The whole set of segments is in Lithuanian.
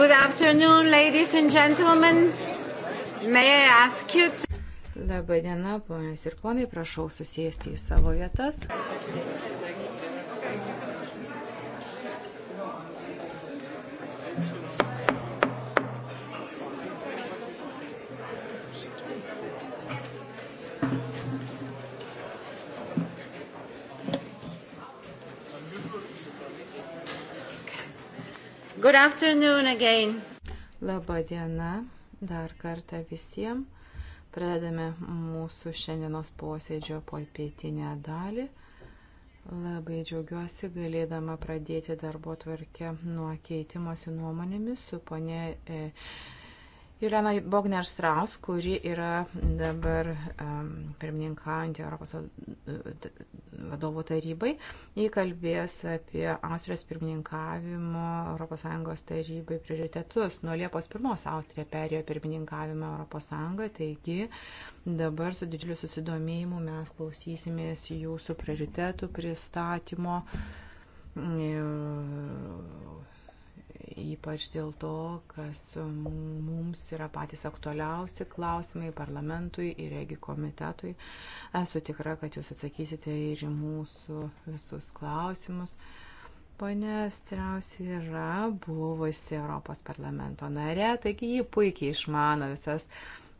Good afternoon, ladies and gentlemen. May I ask you to... Labai diena, ponios ir ponai, prašau susėsti į savo vietas. Good afternoon again. Labą dieną dar kartą visiems. Pradedame mūsų šiandienos posėdžio poipietinę dalį. Labai džiaugiuosi galėdama pradėti darbo tvarkę nuo keitimosi nuomonėmis su ponė. E, Jelena Bogner Straus, kuri yra dabar um, pirmininkaujantį Europos vadovų tarybai, jį kalbės apie Austrijos pirmininkavimo ES tarybai prioritetus. Nuo Liepos 1 Austrija perėjo pirmininkavimą ES, taigi dabar su didžiuliu susidomėjimu mes klausysimės jūsų prioritetų pristatymo. Uh, ypač dėl to, kas mums yra patys aktualiausi klausimai parlamentui ir regi komitetui. Esu tikra, kad jūs atsakysite ir į mūsų visus klausimus. Pone Strausi yra buvusi Europos parlamento narė, taigi ji puikiai išmano visas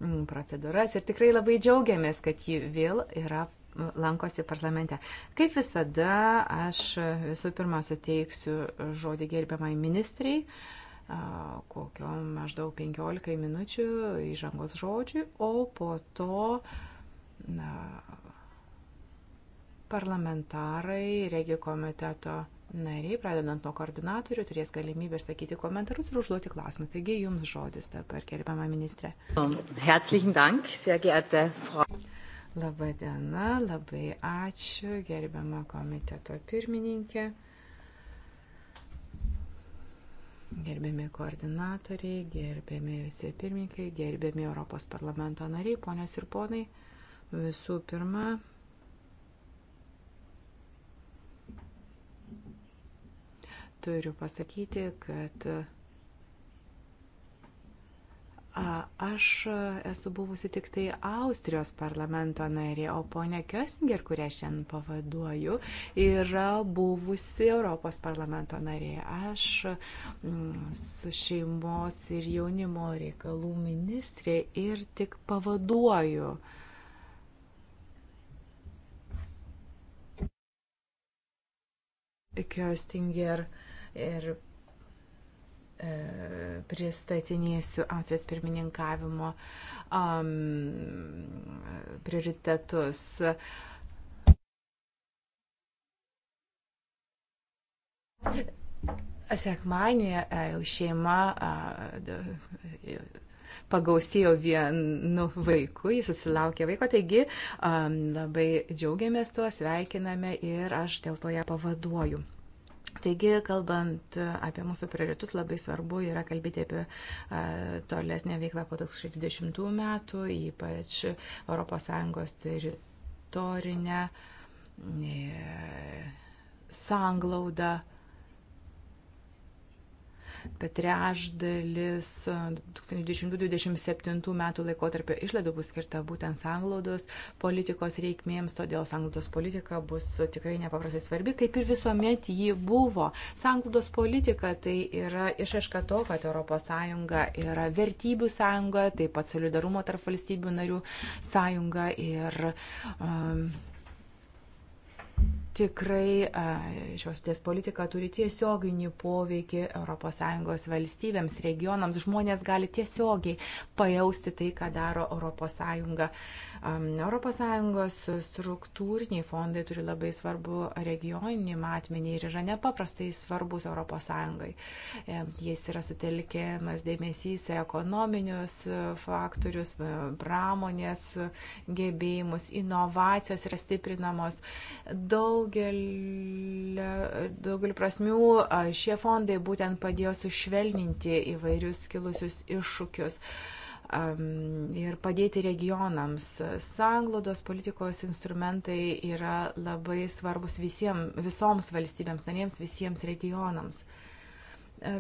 mm, procedūras ir tikrai labai džiaugiamės, kad ji vėl yra lankosi parlamente. Kaip visada, aš visų pirma suteiksiu žodį gerbiamai ministrai, kokio maždaug 15 minučių įžangos žodžių, o po to na, parlamentarai, regio komiteto nariai, pradedant nuo koordinatorių, turės galimybę sakyti komentarus ir užduoti klausimus. Taigi jums žodis dabar, gerbiama ministrė. Herzlichen Dank, sehr geehrte Frau. Labą dieną, labai ačiū, gerbiama komiteto pirmininkė, gerbiami koordinatoriai, gerbiami visi pirmininkai, gerbiami Europos parlamento nariai, ponios ir ponai. Visų pirma, turiu pasakyti, kad Aš e, esu buvusi tik tai Austrijos parlamento narė, o ponia Köstinger, kurią šiandien pavaduoju, yra buvusi Europos parlamento narė. Aš mm, su šeimos ir jaunimo reikalų ministrė ir tik pavaduoju. Köstinger ir E, pristatinėsiu Austrijos pirmininkavimo um, prioritetus. Sekmanį e, šeima e, pagausėjo vienu vaiku, jis susilaukė vaiko, taigi um, labai džiaugiamės tuo, sveikiname ir aš dėl to ją pavaduoju. Taigi, kalbant e, apie mūsų prioritus, labai svarbu yra kalbėti apie e, tolesnę veiklą po 2020 metų, ypač ES teritorinę e, sanglaudą. Tai bet trešdalis 2020-2027 metų laikotarpio išlaidų bus skirta būtent sanglaudos politikos reikmėms, todėl sanglaudos politika bus tikrai nepaprastai svarbi, kaip ir visuomet ji buvo. Sanglaudos politika tai yra išaiška to, kad ES yra vertybių sąjunga, taip pat solidarumo tarp valstybių narių sąjunga ir um, tikrai šios ties politika turi tiesioginį poveikį ES valstybėms, regionams. Žmonės gali tiesiogiai pajausti tai, ką daro ES. ES struktūriniai fondai turi labai svarbu regioninį matmenį ir yra nepaprastai svarbus ES. E, jais yra sutelkiamas dėmesys į ekonominius faktorius, e, pramonės gebėjimus, inovacijos yra stiprinamos. Daugelį, daugelį prasmių e, šie fondai būtent padėjo sušvelninti įvairius kilusius iššūkius. Uh, ir padėti regionams. Sanglodos politikos instrumentai yra labai svarbus visiems, visoms valstybėms narėms, visiems regionams. E,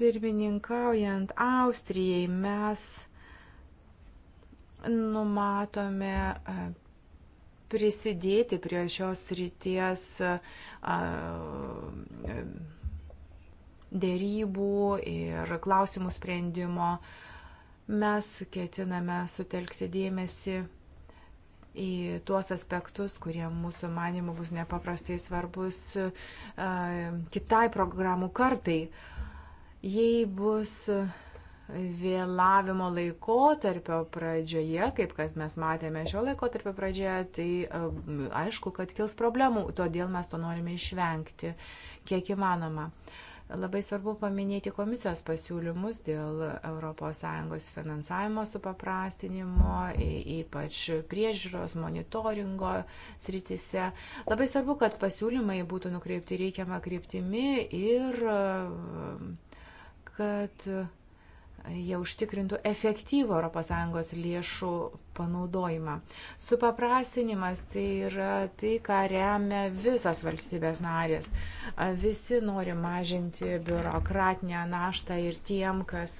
pirmininkaujant Austrijai mes numatome e, prisidėti prie šios ryties e, dėrybų ir klausimų sprendimo. A, Mes ketiname sutelkti dėmesį į tuos aspektus, kurie mūsų manimų bus nepaprastai svarbus kitai programų kartai. Jei bus vėlavimo laikotarpio pradžioje, kaip kad mes matėme šio laikotarpio pradžioje, tai aišku, kad kils problemų, todėl mes to norime išvengti, kiek įmanoma. Uh, Labai svarbu paminėti komisijos pasiūlymus dėl ES finansavimo supaprastinimo, ypač priežiūros, monitoringo sritise. Labai svarbu, kad pasiūlymai būtų nukreipti reikiamą kryptimi ir kad jie užtikrintų efektyvų ES lėšų panaudojimą. Supaprastinimas tai yra tai, ką remia visos valstybės narės. Visi nori mažinti biurokratinę naštą ir tiem, kas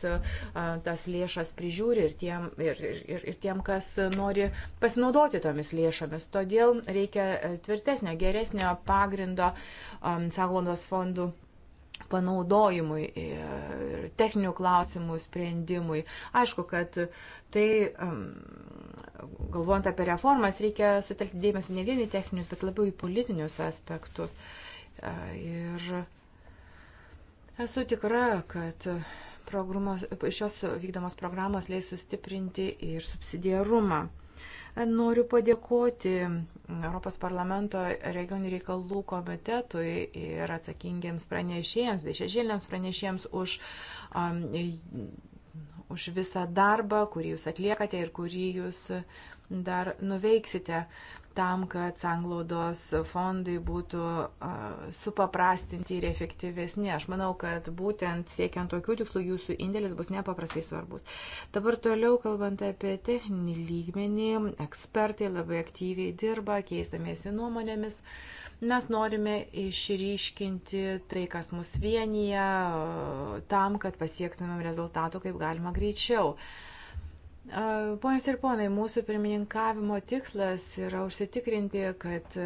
tas lėšas prižiūri, ir tiem, ir, ir, ir tiem, kas nori pasinaudoti tomis lėšomis. Todėl reikia tvirtesnio, geresnio pagrindo um, sąglaudos fondų panaudojimui e, ir techninių klausimų sprendimui. Aišku, kad tai, galvojant apie reformas, reikia sutelkti dėmesį ne vien į techninius, bet labiau į politinius aspektus. E, ir esu tikra, kad programos, šios vykdomos programos leis sustiprinti ir subsidiarumą. Noriu padėkoti Europos parlamento regionių reikalų komitetui ir atsakingiems pranešėjams, bei šešėliniams pranešėjams už um, už visą darbą, kurį jūs atliekate ir kurį jūs dar nuveiksite tam, kad sanglaudos fondai būtų supaprastinti ir efektyvesni. Aš manau, kad būtent siekiant tokių tikslų jūsų indėlis bus nepaprastai svarbus. Dabar toliau, kalbant apie techninį lygmenį, ekspertai labai aktyviai dirba, keistamėsi nuomonėmis. Mes norime išryškinti tai, kas mus vienyje, tam, kad pasiektumėm rezultatų kaip galima greičiau. Uh, Ponios ir ponai, mūsų pirmininkavimo tikslas yra užsitikrinti, kad e,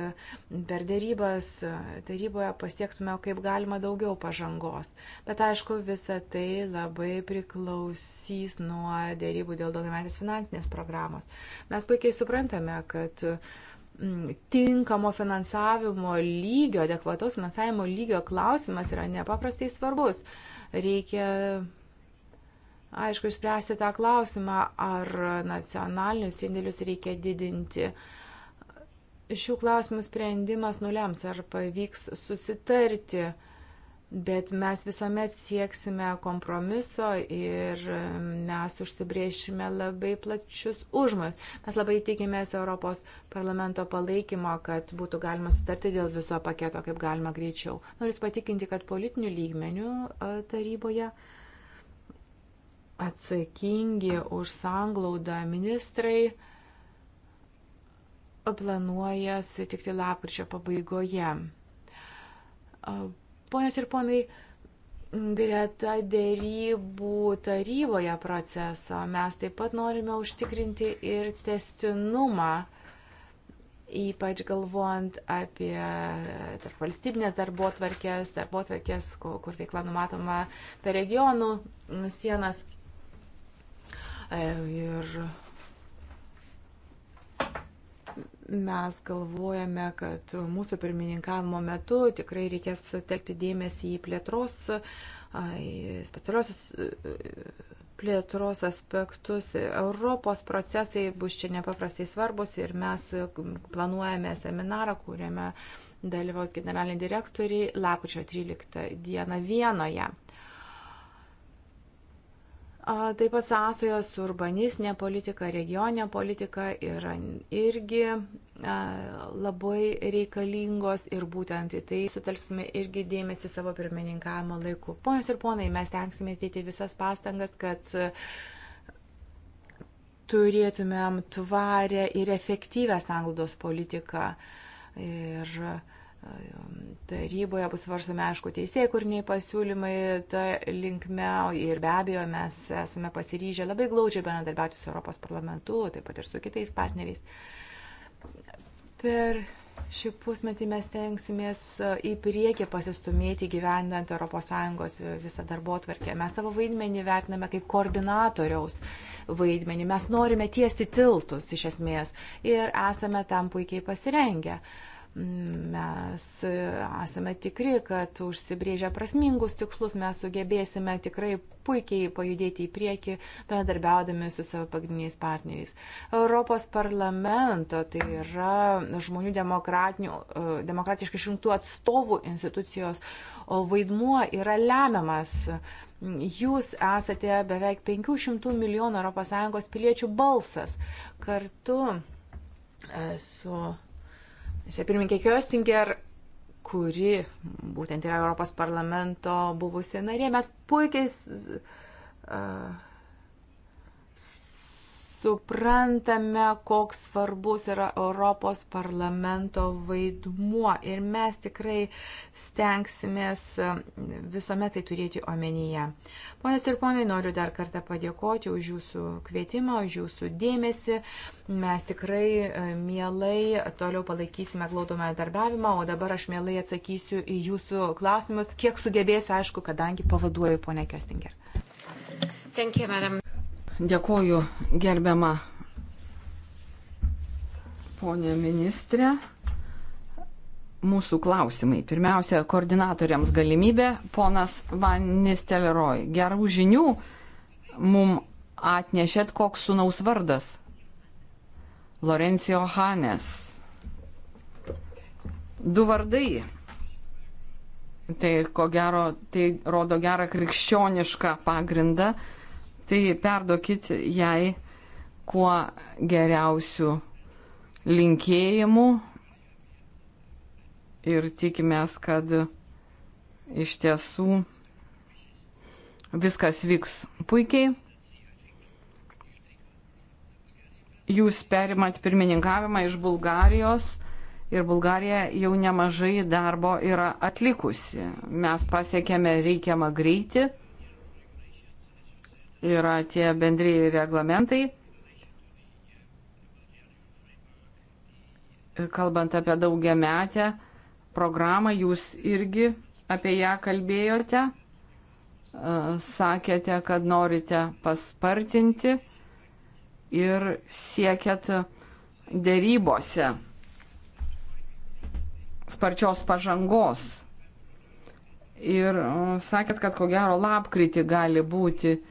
per dėrybas e, taryboje pasiektume kaip galima daugiau pažangos. Bet aišku, visa tai labai priklausys nuo dėrybų dėl daugiametės finansinės programos. Mes puikiai suprantame, kad tinkamo finansavimo lygio, adekvatos finansavimo lygio klausimas yra nepaprastai svarbus. Reikia aišku, išspręsti tą klausimą, ar nacionalinius indėlius reikia didinti. Šių klausimų sprendimas nulems, ar pavyks susitarti, bet mes visuomet sieksime kompromiso ir mes užsibriešime labai plačius užmojus. Mes labai tikimės Europos parlamento palaikymo, kad būtų galima sutarti dėl viso paketo kaip galima greičiau. Noriu patikinti, kad politinių lygmenių taryboje uh, atsakingi už sanglaudą ministrai planuoja sutikti lapkričio pabaigoje. Ponios ir ponai, greta dėrybų taryboje proceso mes taip pat norime užtikrinti ir testinumą, ypač galvojant apie tarp valstybinės darbo tvarkės, darbo tvarkės, kur, kur veikla numatoma per regionų sienas. E, ir mes galvojame, kad mūsų pirmininkavimo metu tikrai reikės telkti dėmesį į plėtros, į specialiosios e, plėtros aspektus. Europos procesai bus čia nepaprastai svarbus ir mes planuojame seminarą, kuriame dalyvaus generaliniai direktoriai lakučio 13 dieną Vienoje. Taip pat sąsojos su urbanistinė politika, regioninė politika yra irgi labai reikalingos ir būtent į tai sutelksime irgi dėmesį savo pirmininkavimo laiku. Ponios ir ponai, mes tenksime dėti visas pastangas, kad turėtumėm tvarę ir efektyvę sanglaudos politiką. Ir uh, Taryboje bus svarstami, aišku, teisėjai kurniai pasiūlymai tą linkme ir be abejo mes esame pasiryžę labai glaudžiai bendradarbiauti su Europos parlamentu, taip pat ir su kitais partneriais. Per šį pusmetį mes tenksimės į priekį pasistumėti gyvendant ES visą darbo tvarkę. Mes savo vaidmenį vertiname kaip koordinatoriaus vaidmenį. Mes norime tiesti tiltus iš esmės ir esame tam puikiai pasirengę. Uh, Mes esame tikri, kad užsibrėžę prasmingus tikslus mes sugebėsime tikrai puikiai pajudėti į priekį, bendarbiaudami su savo pagrindiniais partneriais. Europos parlamento, tai yra žmonių e, demokratiškai išrinktų atstovų institucijos vaidmuo yra lemiamas. Jūs esate beveik 500 milijonų ES piliečių balsas. Kartu e, su Vicepirmininkė Kjostinger, kuri būtent yra Europos parlamento buvusi narė, mes puikiai uh, suprantame, koks svarbus yra Europos parlamento vaidmuo ir mes tikrai stengsimės um, visuomet tai turėti omenyje. Ponios ir ponai, noriu dar kartą padėkoti už jūsų kvietimą, už jūsų dėmesį. Mes tikrai uh, mielai toliau palaikysime glaudomą darbiavimą, o dabar aš mielai atsakysiu į jūsų klausimus, kiek sugebėsiu, aišku, kadangi pavaduoju ponę Kestinger. Thank you, madam. Dėkoju gerbiamą ponę ministrę. Mūsų klausimai. Pirmiausia, koordinatoriams galimybė. Ponas Van Nistelroj, gerų žinių mum atnešėt koks sunaus vardas. Lorencijo Hanes. Du vardai. Tai ko gero, tai rodo gerą krikščionišką pagrindą tai perduokit jai kuo geriausių linkėjimų ir tikimės, kad iš tiesų viskas vyks puikiai. Jūs perimat pirmininkavimą iš Bulgarijos ir Bulgarija jau nemažai darbo yra atlikusi. Mes pasiekėme reikiamą greitį yra tie bendrieji reglamentai. Kalbant apie daugia metę programą, jūs irgi apie ją kalbėjote, sakėte, kad norite paspartinti ir siekėt dėrybose sparčios pažangos. Ir sakėt, kad ko gero lapkritį gali būti uh,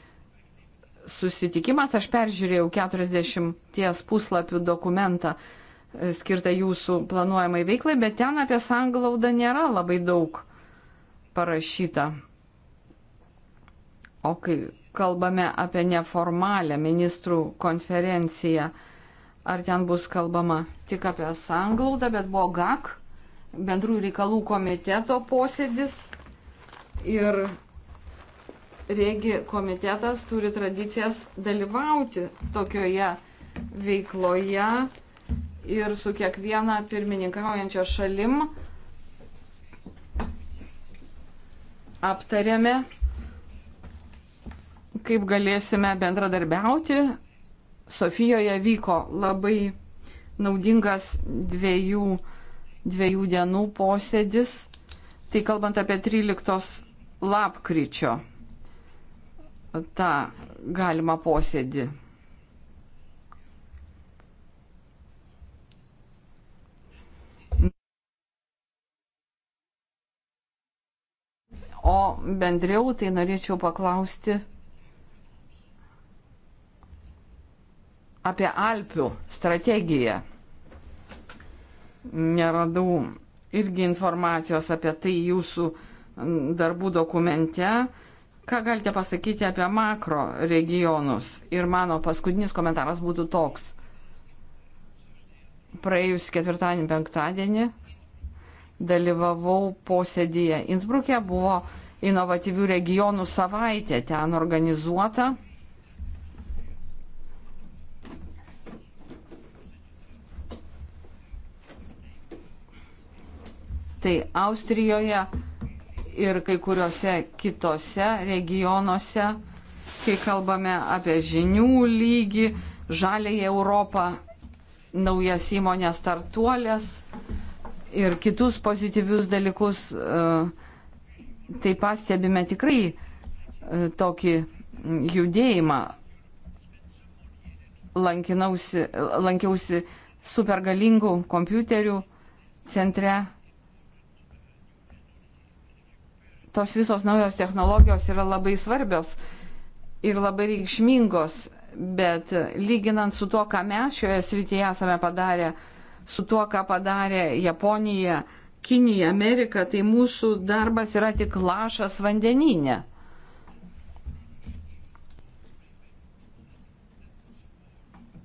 susitikimas. Aš peržiūrėjau 40 puslapių dokumentą e, skirtą jūsų planuojamai veiklai, bet ten apie sanglaudą nėra labai daug parašyta. O kai kalbame apie neformalią ministrų konferenciją, ar ten bus kalbama tik apie sanglaudą, bet buvo GAK, bendrųjų reikalų komiteto posėdis ir Regi komitetas turi tradicijas dalyvauti tokioje veikloje ir su kiekviena pirmininkaujančia šalim aptarėme, kaip galėsime bendradarbiauti. Sofijoje vyko labai naudingas dviejų, dviejų dienų posėdis, tai kalbant apie 13 lapkričio tą galimą posėdį. O bendriau tai norėčiau paklausti apie Alpių strategiją. Neradau irgi informacijos apie tai jūsų darbų dokumente. Ką galite pasakyti apie makro regionus? Ir mano paskutinis komentaras būtų toks. Praėjus ketvirtadienį, penktadienį dalyvavau posėdėje. Innsbruke buvo inovatyvių regionų savaitė ten organizuota. Tai Austrijoje ir kai kuriuose kitose regionuose, kai kalbame apie žinių lygį, žalėje Europą, naujas įmonės startuolės ir kitus pozityvius dalykus, e, tai pastebime tikrai e, tokį judėjimą. Lankinausi, e, lankiausi supergalingų kompiuterių centre tos visos naujos technologijos yra labai svarbios ir labai reikšmingos, bet lyginant su tuo, ką mes šioje srityje esame padarę, su tuo, ką padarė Japonija, Kinija, Amerika, tai mūsų darbas yra tik lašas vandeninė.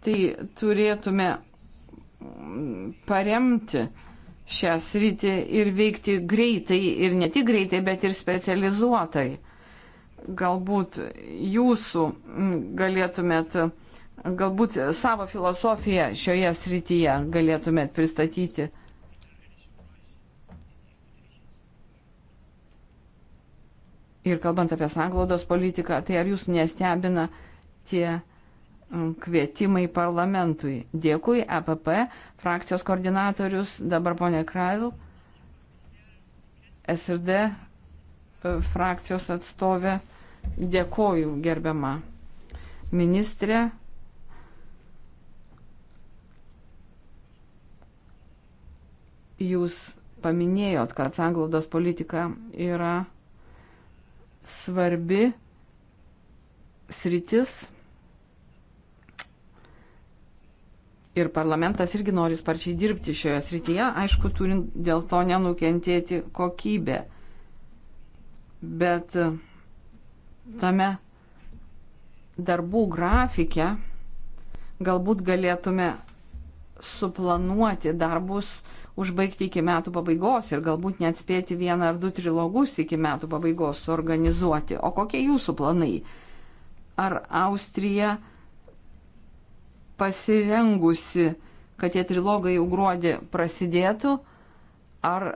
Tai turėtume paremti šią sritį ir veikti greitai ir ne tik greitai, bet ir specializuotai. Galbūt jūsų galėtumėt, galbūt savo filosofiją šioje srityje galėtumėt pristatyti. Ir kalbant apie sanglaudos politiką, tai ar jūs nestebina tie kvietimai parlamentui. Dėkui, EPP, frakcijos koordinatorius, dabar ponė Krail, SRD e, frakcijos atstovė. Dėkoju, gerbiama ministrė. Jūs paminėjot, kad sanglaudos politika yra svarbi sritis ir parlamentas irgi nori sparčiai dirbti šioje srityje, aišku, turint dėl to nenukentėti kokybę. Bet e, tame darbų grafike galbūt galėtume suplanuoti darbus, užbaigti iki metų pabaigos ir galbūt net spėti vieną ar du trilogus iki metų pabaigos suorganizuoti. O kokie jūsų planai? Ar Austrija pasirengusi, kad tie trilogai jau gruodį prasidėtų, ar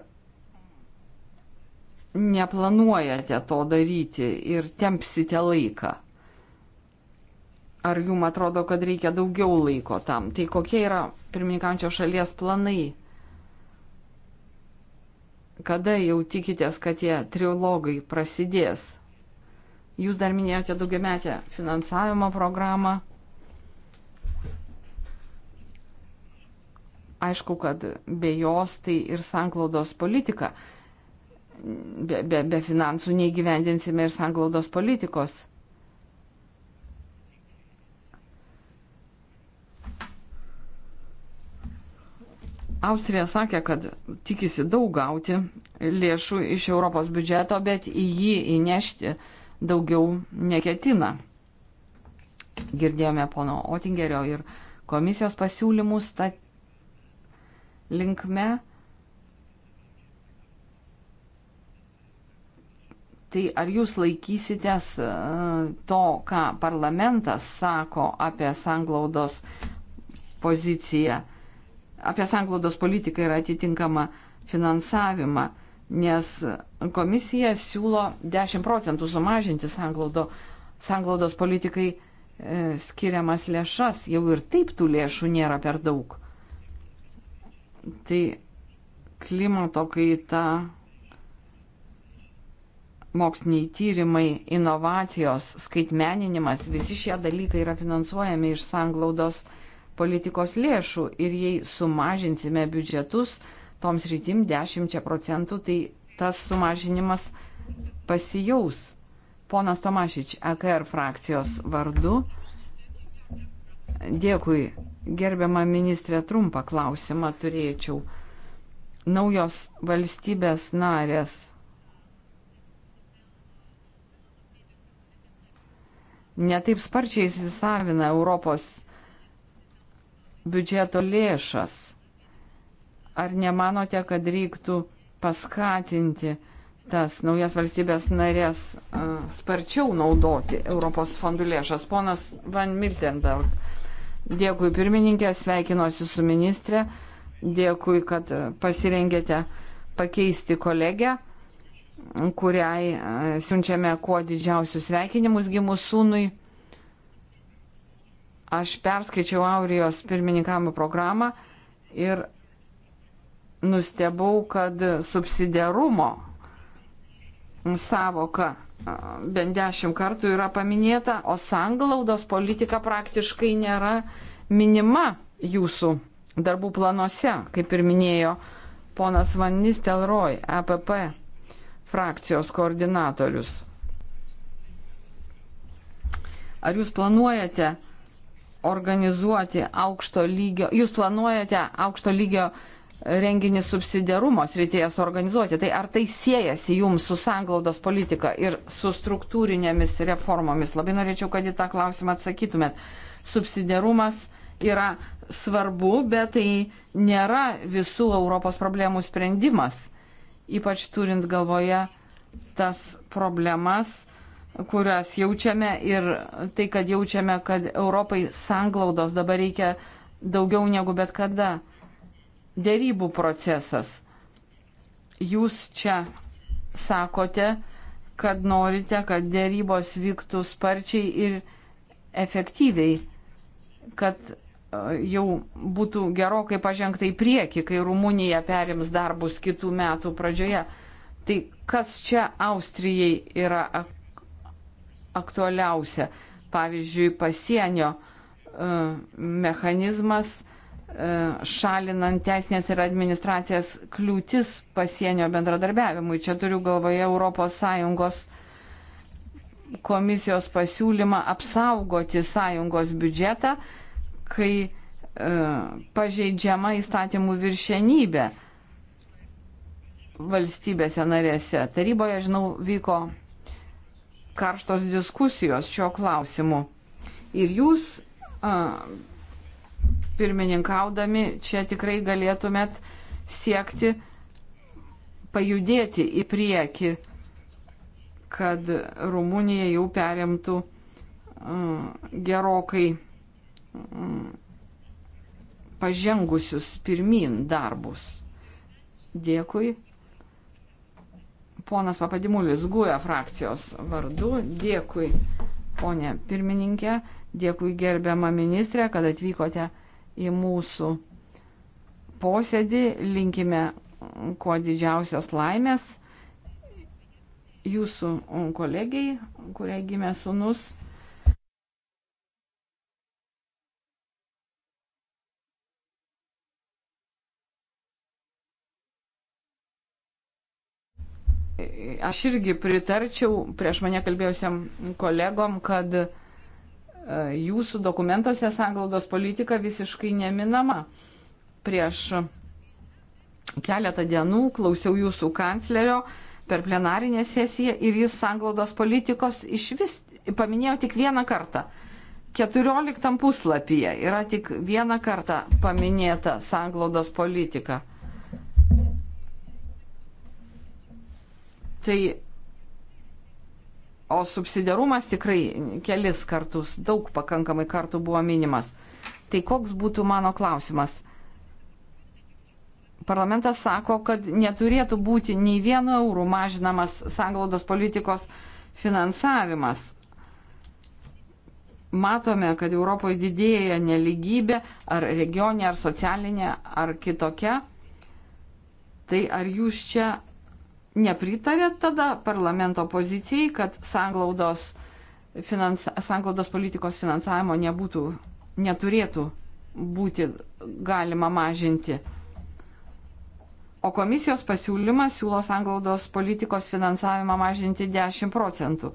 neplanuojate to daryti ir tempsite laiką? Ar jums atrodo, kad reikia daugiau laiko tam? Tai kokie yra pirmininkančios šalies planai? Kada jau tikitės, kad tie trilogai prasidės? Jūs dar minėjote daugiametę finansavimo programą. aišku, kad be jos tai ir sanklaudos politika. Be, be, be finansų neįgyvendinsime ir sanklaudos politikos. Austrija sakė, kad tikisi daug gauti lėšų iš Europos biudžeto, bet į jį įnešti daugiau neketina. Girdėjome pono Otingerio ir komisijos pasiūlymus, tad linkme. Tai ar jūs laikysitės e, to, ką parlamentas sako apie sanglaudos poziciją, apie sanglaudos politiką ir atitinkamą finansavimą, nes komisija siūlo 10 procentų sumažinti sanglaudo, sanglaudos politikai e, skiriamas lėšas, jau ir taip tų lėšų nėra per daug. Tai klimato kaita, moksliniai tyrimai, inovacijos, skaitmeninimas, visi šie dalykai yra finansuojami iš sanglaudos politikos lėšų ir jei sumažinsime biudžetus toms rytim 10 procentų, tai tas sumažinimas pasijaus. Ponas Tomašič, AKR e frakcijos vardu. Dėkui, Gerbiama ministrė, trumpą klausimą turėčiau. Naujos valstybės narės netaip sparčiai įsisavina Europos biudžeto lėšas. Ar nemanote, kad reiktų paskatinti tas naujas valstybės narės sparčiau naudoti Europos fondų lėšas? Ponas Van Miltenberg. Dėkui pirmininkė, sveikinuosi su ministrė, dėkui, kad pasirengėte pakeisti kolegę, kuriai e, siunčiame kuo didžiausius sveikinimus gimus sūnui. Aš perskaičiau Aurijos pirmininkavimo programą ir nustebau, kad subsidiarumo savoka bent dešimt kartų yra paminėta, o sanglaudos politika praktiškai nėra minima jūsų darbų planuose, kaip ir minėjo ponas Vannis Telroj, EPP frakcijos koordinatorius. Ar jūs planuojate organizuoti aukšto lygio, jūs planuojate aukšto lygio renginį subsidiarumo srityje suorganizuoti. Tai ar tai siejasi jums su sanglaudos politika ir su struktūrinėmis reformomis? Labai norėčiau, kad į tą klausimą atsakytumėt. Subsidiarumas yra svarbu, bet tai nėra visų Europos problemų sprendimas, ypač turint galvoje tas problemas, kurias jaučiame ir tai, kad jaučiame, kad Europai sanglaudos dabar reikia daugiau negu bet kada dėrybų procesas. Jūs čia sakote, kad norite, kad dėrybos vyktų sparčiai ir efektyviai, kad e, jau būtų gerokai pažengta į priekį, kai Rumunija perims darbus kitų metų pradžioje. Tai kas čia Austrijai yra ak aktualiausia? Pavyzdžiui, pasienio uh, mechanizmas uh, E, šalinant teisinės ir administracijas kliūtis pasienio bendradarbiavimui. Čia turiu galvoje ES komisijos pasiūlymą apsaugoti sąjungos biudžetą, kai e, pažeidžiama įstatymų viršenybė valstybėse narėse. Taryboje, žinau, vyko karštos diskusijos šiuo klausimu. Ir jūs a, pirmininkaudami čia tikrai galėtumėt siekti pajudėti į priekį, kad Rumunija jau perimtų uh, gerokai uh, pažengusius pirmin darbus. Dėkui. Ponas Papadimulis Guja frakcijos vardu. Dėkui, ponė pirmininkė. Dėkui gerbiamą ministrę, kad atvykote į mūsų posėdį. Linkime kuo didžiausios laimės jūsų kolegiai, kuriai gimė sunus. Aš irgi pritarčiau prieš mane kalbėjusiam kolegom, kad jūsų dokumentuose sanglaudos politika visiškai neminama. Prieš keletą dienų klausiau jūsų kanclerio per plenarinę sesiją ir jis sanglaudos politikos iš vis paminėjo tik vieną kartą. 14 puslapyje yra tik vieną kartą paminėta sanglaudos politika. Tai O subsidiarumas tikrai kelis kartus, daug pakankamai kartų buvo minimas. Tai koks būtų mano klausimas? Parlamentas sako, kad neturėtų būti nei vienu eurų mažinamas sanglaudos politikos finansavimas. Matome, kad Europoje didėja neligybė, ar regionė, ar socialinė, ar kitokia. Tai ar jūs čia nepritarėt tada parlamento pozicijai, kad sanglaudos, finans, sanglaudos politikos finansavimo nebūtų, neturėtų būti galima mažinti. O komisijos pasiūlymas siūlo sanglaudos politikos finansavimą mažinti 10 procentų.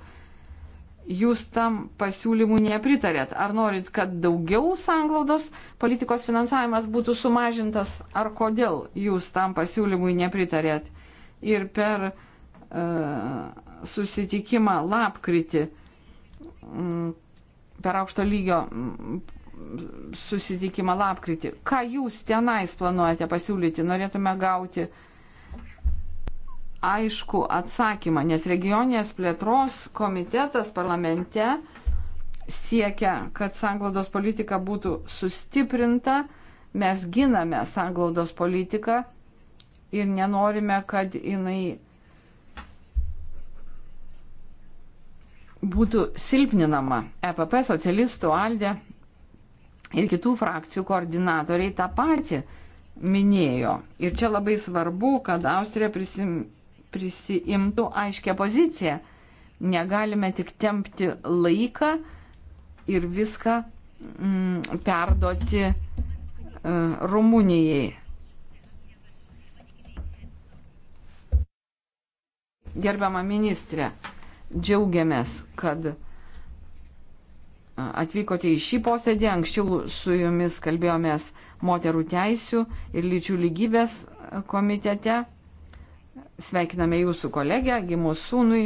Jūs tam pasiūlymui nepritarėt. Ar norit, kad daugiau sanglaudos politikos finansavimas būtų sumažintas, ar kodėl jūs tam pasiūlymui nepritarėt? ir per e, susitikimą lapkritį per aukšto lygio susitikimą lapkritį. Ką jūs tenais planuojate pasiūlyti? Norėtume gauti aišku atsakymą, nes regioninės plėtros komitetas parlamente siekia, kad sanglaudos politika būtų sustiprinta. Mes giname sanglaudos politiką ir nenorime, kad jinai būtų silpninama. EPP, socialistų, Aldė ir kitų frakcijų koordinatoriai tą patį minėjo. Ir čia labai svarbu, kad Austrija prisim, prisiimtų aiškę poziciją. Negalime tik tempti laiką ir viską mm, perduoti uh, Rumunijai. Gerbiama ministrė, džiaugiamės, kad e, atvykote į šį posėdį. Anksčiau su jumis kalbėjomės moterų teisių ir lyčių lygybės komitete. Sveikiname jūsų kolegę, gimus sūnui.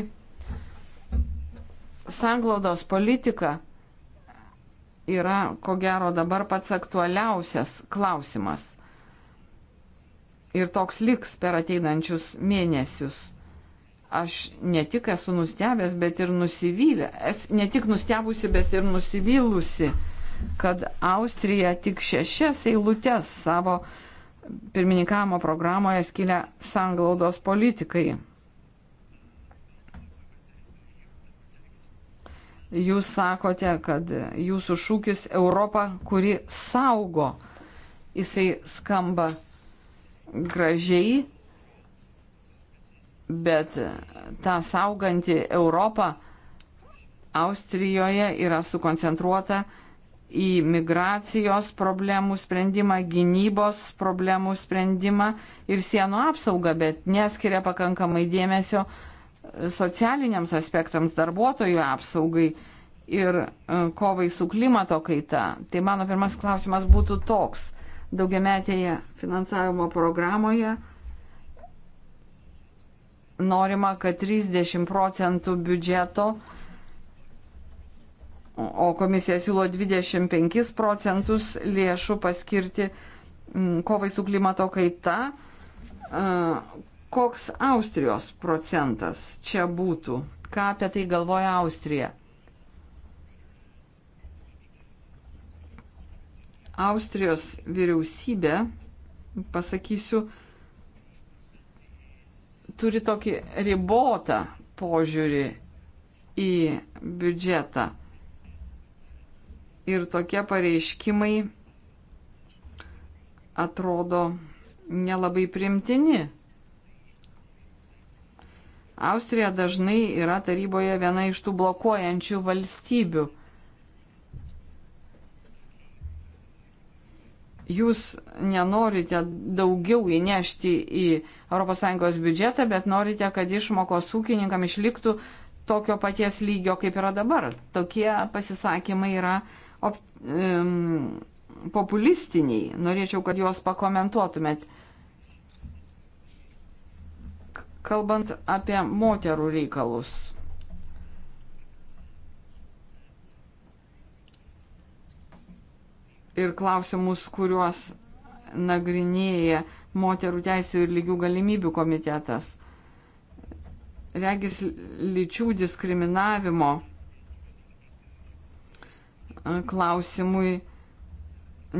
Sanglaudos politika yra, ko gero, dabar pats aktualiausias klausimas. Ir toks liks per ateinančius mėnesius aš ne tik esu nustebęs, bet ir nusivylę. Es ne tik nustebusi, bet ir nusivylusi, kad Austrija tik šešias eilutes savo pirmininkavimo programoje skilia sanglaudos politikai. Jūs sakote, kad jūsų šūkis Europa, kuri saugo, jisai skamba gražiai, bet ta sauganti Europa Austrijoje yra sukoncentruota į migracijos problemų sprendimą, gynybos problemų sprendimą ir sienų apsaugą, bet neskiria pakankamai dėmesio socialiniams aspektams, darbuotojų apsaugai ir e, kovai su klimato kaita. Tai mano pirmas klausimas būtų toks. Daugiametėje finansavimo programoje norima, kad 30 procentų biudžeto, o komisija siūlo 25 procentus lėšų paskirti mm, kovai su klimato kaita. Koks Austrijos procentas čia būtų? Ką apie tai galvoja Austrija? Austrijos vyriausybė, pasakysiu, turi tokį ribotą požiūrį į biudžetą. Ir tokie pareiškimai atrodo nelabai primtini. Austrija dažnai yra taryboje viena iš tų blokuojančių valstybių. jūs nenorite daugiau įnešti į ES biudžetą, bet norite, kad išmokos ūkininkam išliktų tokio paties lygio, kaip yra dabar. Tokie pasisakymai yra op, um, populistiniai. Norėčiau, kad juos pakomentuotumėt. Kalbant apie moterų reikalus, ir klausimus, kuriuos nagrinėja moterų teisų ir lygių galimybių komitetas. Regis lyčių diskriminavimo e, klausimui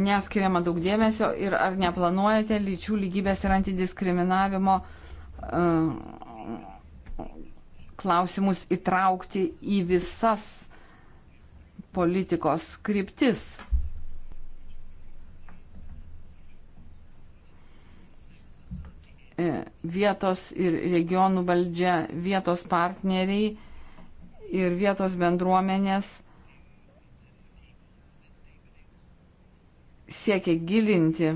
neskiriama daug dėmesio ir ar neplanuojate lyčių lygybės ir antidiskriminavimo e, klausimus įtraukti į visas politikos kryptis. E, vietos ir regionų valdžia, vietos partneriai ir vietos bendruomenės siekia gilinti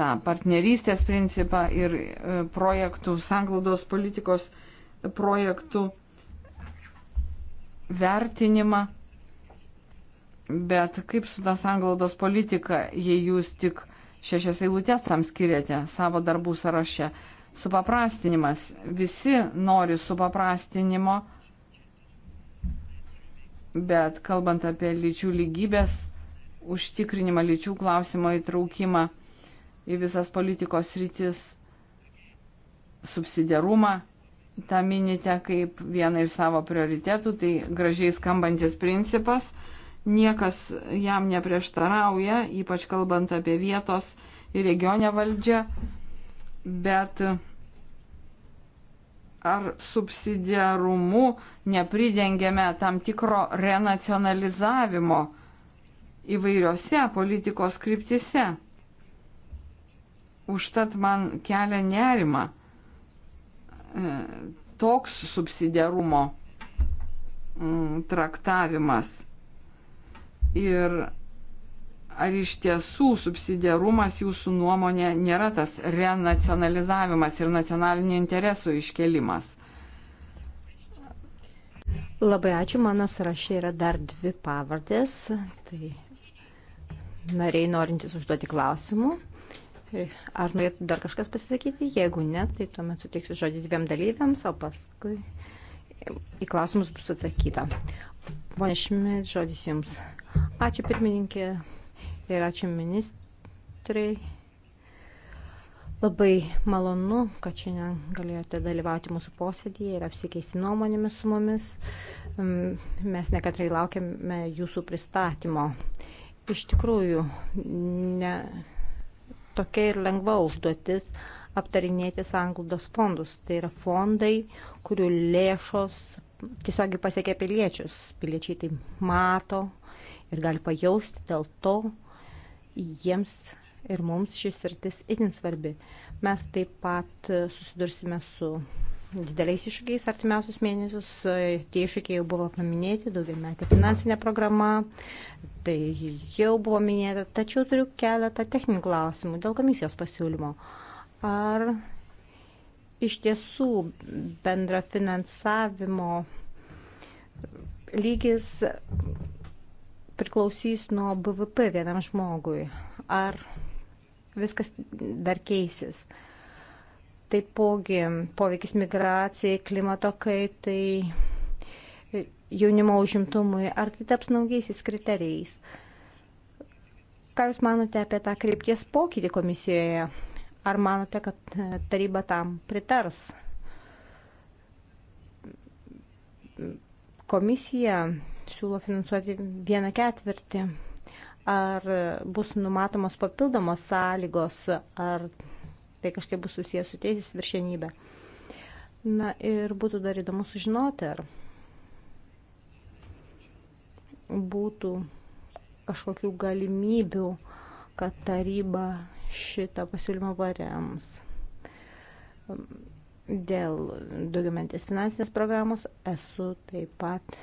tą partnerystės principą ir e, projektų, sanglaudos politikos projektų vertinimą. Bet kaip su tą sanglaudos politika, jei jūs tik šešias eilutės tam skiriate savo darbų sąraše. Supaprastinimas. Visi nori supaprastinimo, bet kalbant apie lyčių lygybės užtikrinimą, lyčių klausimo įtraukimą į visas politikos rytis, subsidiarumą, tą minite kaip vieną iš savo prioritetų, tai gražiai skambantis principas, niekas jam neprieštarauja, ypač kalbant apie vietos ir regionę valdžią, bet ar subsidiarumu nepridengiame tam tikro renacionalizavimo įvairiose politikos kryptise. Užtat man kelia nerima e, toks subsidiarumo mm, traktavimas Ir ar iš tiesų subsidiarumas jūsų nuomonė nėra tas renacionalizavimas ir nacionalinių interesų iškelimas? Labai ačiū, mano sąraše yra dar dvi pavardės. Tai nariai norintys užduoti klausimų. Ar norėtų dar kažkas pasisakyti? Jeigu ne, tai tuomet suteiksiu žodį dviem dalyviams, o paskui į klausimus bus atsakyta. Pone Šmit, žodis jums. Ačiū pirmininkė ir ačiū ministrai. Labai malonu, kad šiandien galėjote dalyvauti mūsų posėdėje ir apsikeisti nuomonėmis su mumis. Mm, mes nekatrai laukiame jūsų pristatymo. Iš tikrųjų, ne tokia ir lengva užduotis aptarinėti sanglaudos fondus. Tai yra fondai, kurių lėšos tiesiog pasiekia piliečius. Piliečiai tai mato, ir gali pajausti, dėl to jiems ir mums šis sritis itin svarbi. Mes taip pat susidursime su dideliais iššūkiais artimiausius mėnesius. Tie iššūkiai jau buvo paminėti, daugiametė finansinė programa, tai jau buvo minėta, tačiau turiu keletą techninių klausimų dėl komisijos pasiūlymo. Ar iš tiesų bendra finansavimo lygis priklausys nuo BVP vienam žmogui. Ar viskas dar keisis? Taipogi poveikis migracijai, klimato kaitai, jaunimo užimtumui, ar tai taps naujaisiais kriterijais? Ką Jūs manote apie tą krypties pokytį komisijoje? Ar manote, kad taryba tam pritars? Komisija siūlo finansuoti vieną ketvirtį. Ar bus numatomos papildomos sąlygos, ar tai kažkaip bus susijęs su teisės viršenybė. Na ir būtų dar įdomu sužinoti, ar būtų kažkokių galimybių, kad taryba šitą pasiūlymą parems dėl daugiamentės finansinės programos esu taip pat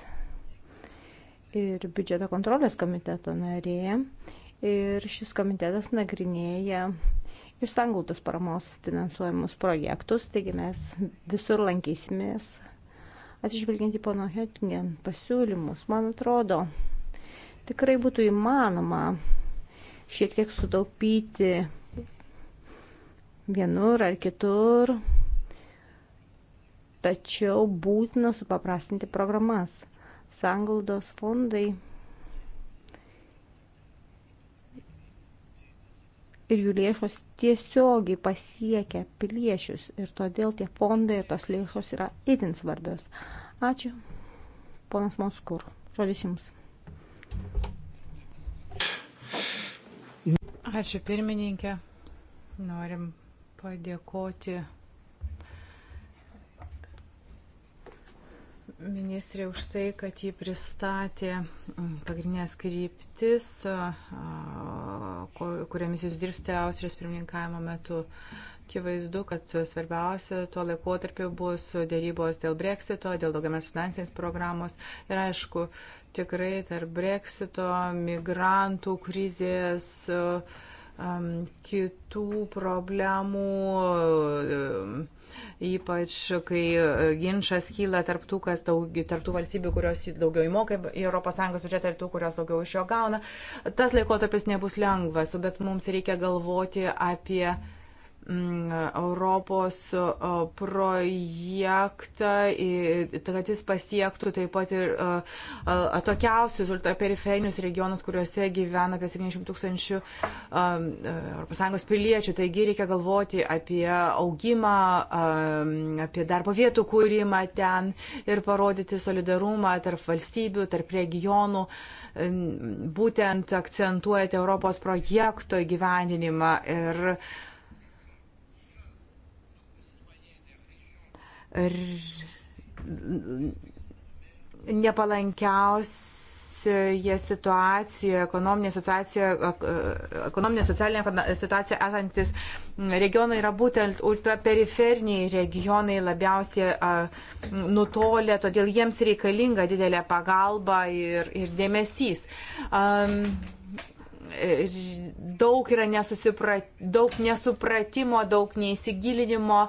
ir biudžeto kontrolės komiteto narė. Ir šis komitetas nagrinėja iš sanglautos paramos finansuojamus projektus, taigi mes visur lankysimės, atsižvelgiant į pono Hetgen pasiūlymus. Man atrodo, tikrai būtų įmanoma šiek tiek sutaupyti vienur ar kitur, tačiau būtina supaprastinti programas sanglaudos fondai ir jų lėšos tiesiogiai pasiekia piliečius ir todėl tie fondai ir tos lėšos yra itin svarbios. Ačiū, ponas Monskur. Žodis jums. Ačiū pirmininkė. Norim padėkoti ministrė už tai, kad jį pristatė mm, pagrindinės kryptis, kuriamis jūs dirbsite Austrijos pirmininkavimo metu. Akivaizdu, kad svarbiausia tuo laikotarpiu bus dėrybos dėl breksito, dėl daugiamės finansinės programos ir aišku, tikrai tarp breksito, migrantų krizės. Uh, kitų problemų, e, ypač kai e, ginčas kyla tarptų, kas daug, tarptų valstybių, kurios daugiau įmoka į ES biudžetą ir tų, kurios daugiau iš jo gauna. Tas laikotarpis nebus lengvas, bet mums reikia galvoti apie Mm, Europos projektą, tai kad jis pasiektų taip pat ir atokiausius ultraperiferinius regionus, kuriuose gyvena apie 70 tūkstančių ES piliečių. Taigi reikia galvoti apie augimą, apie darbo vietų kūrimą ten ir parodyti solidarumą tarp valstybių, tarp regionų, būtent akcentuojate Europos projekto įgyvendinimą. Ir nepalankiausioje situacijoje, ekonominė, ekonominė socialinė situacija esantis regionai yra būtent ultraperiferiniai regionai labiausiai nutolę, todėl jiems reikalinga didelė pagalba ir, ir dėmesys. Um, daug yra nesusiprat, daug nesupratimo, daug neįsigilinimo,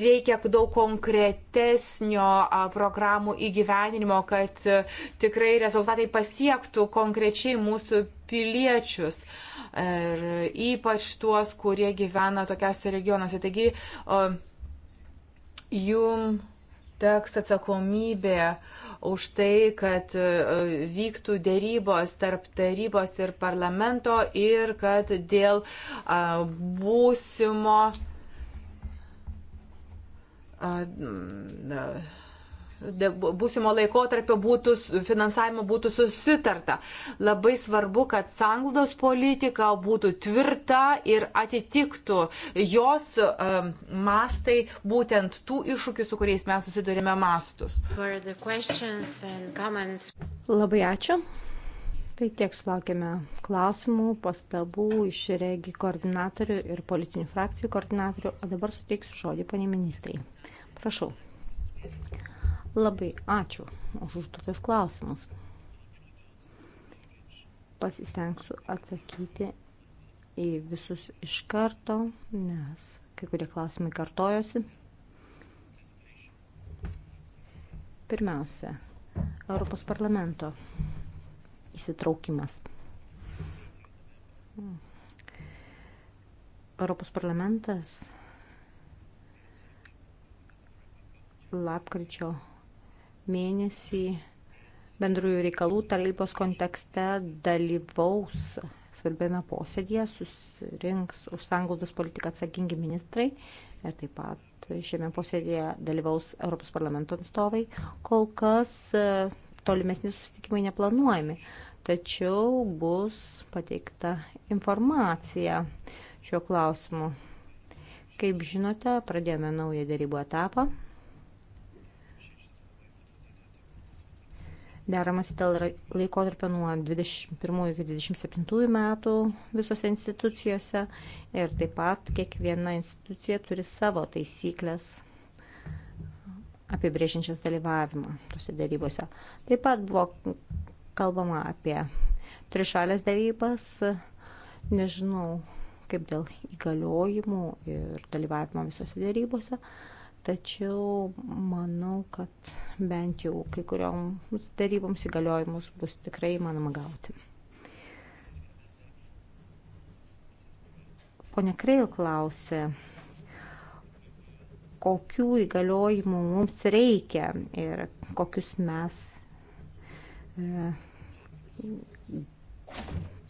reikia daug konkretesnio programų įgyveninimo, kad e, tikrai rezultatai pasiektų konkrečiai mūsų piliečius ir ypač tuos, kurie gyvena tokiuose regionuose. Taigi, jum teks atsakomybė už tai, kad e, vyktų dėrybos tarp tarybos ir parlamento ir kad dėl būsimo būsimo laikotarpio būtų, finansavimo būtų susitarta. Labai svarbu, kad sanglaudos politika būtų tvirta ir atitiktų jos um, mastai būtent tų iššūkių, su kuriais mes susidurime mastus. Labai ačiū. Tai tiek sulaukėme klausimų, pastabų iš regi koordinatorių ir politinių frakcijų koordinatorių, o dabar suteiksiu žodį panė ministrai. Prašau. Labai ačiū už užduotus klausimus. Pasistengsiu atsakyti į visus iš karto, nes kai kurie klausimai kartojosi. Pirmiausia, Europos parlamento įsitraukimas. Europos parlamentas lapkričio mėnesį bendrųjų reikalų tarybos kontekste dalyvaus svarbiame posėdėje, susirinks už sanglaudos politiką atsakingi ministrai ir taip pat šiame posėdėje dalyvaus Europos parlamento atstovai. Kol kas e, tolimesni susitikimai neplanuojami, tačiau bus pateikta informacija šiuo klausimu. Kaip žinote, pradėjome naują dėrybų etapą Deramas dėl laikotarpio nuo 21 iki 27 metų visose institucijose ir taip pat kiekviena institucija turi savo taisyklės apibrėžinčias dalyvavimą tose darybose. Taip pat buvo kalbama apie trišalės darybas, nežinau kaip dėl įgaliojimų ir dalyvavimo visose darybose. Uh, Tačiau manau, kad bent jau kai kurioms daryboms įgaliojimus bus tikrai įmanoma gauti. Pone Kreil klausė, kokių įgaliojimų mums reikia ir kokius mes e,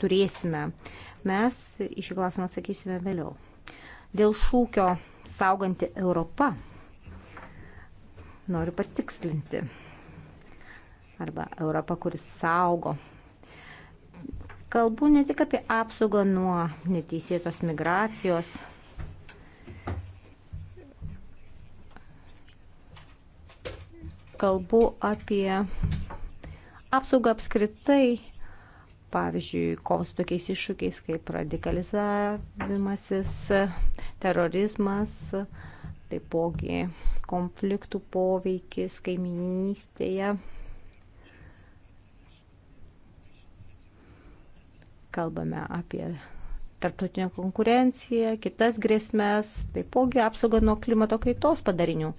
turėsime. Mes iš klausimą atsakysime vėliau. Dėl šūkio sauganti Europa Noriu patikslinti. Arba Europa, kuris saugo. Kalbu ne tik apie apsaugą nuo neteisėtos migracijos. Kalbu apie apsaugą apskritai pavyzdžiui, kovos su tokiais iššūkiais kaip radikalizavimasis, terorizmas, taipogi konfliktų poveikis kaiminystėje. Kalbame apie tarptautinę konkurenciją, kitas grėsmės, taipogi apsaugą nuo klimato kaitos padarinių.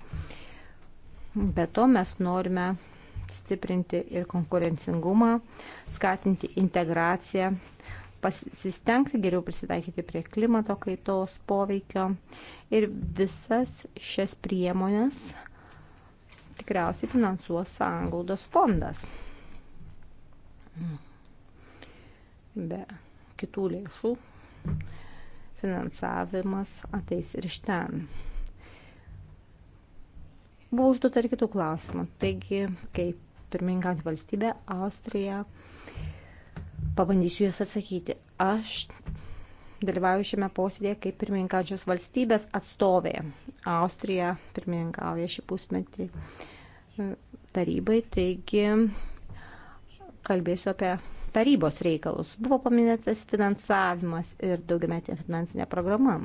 Be to mes norime stiprinti ir konkurencingumą, skatinti integraciją, pasistengti geriau prisitaikyti prie klimato kaitos poveikio. Ir visas šias priemonės tikriausiai finansuos sąnglaudos fondas. Be kitų lėšų finansavimas ateis ir iš ten. Buvo užduota ir kitų klausimų. Taigi, kaip pirmingant valstybė, Austrija Pabandysiu juos atsakyti. Aš dalyvauju šiame posėdėje kaip pirmininkaujančios valstybės atstovė. Austrija pirmininkauja šį pusmetį tarybai, taigi kalbėsiu apie tarybos reikalus. Buvo paminėtas finansavimas ir daugiametė finansinė programa.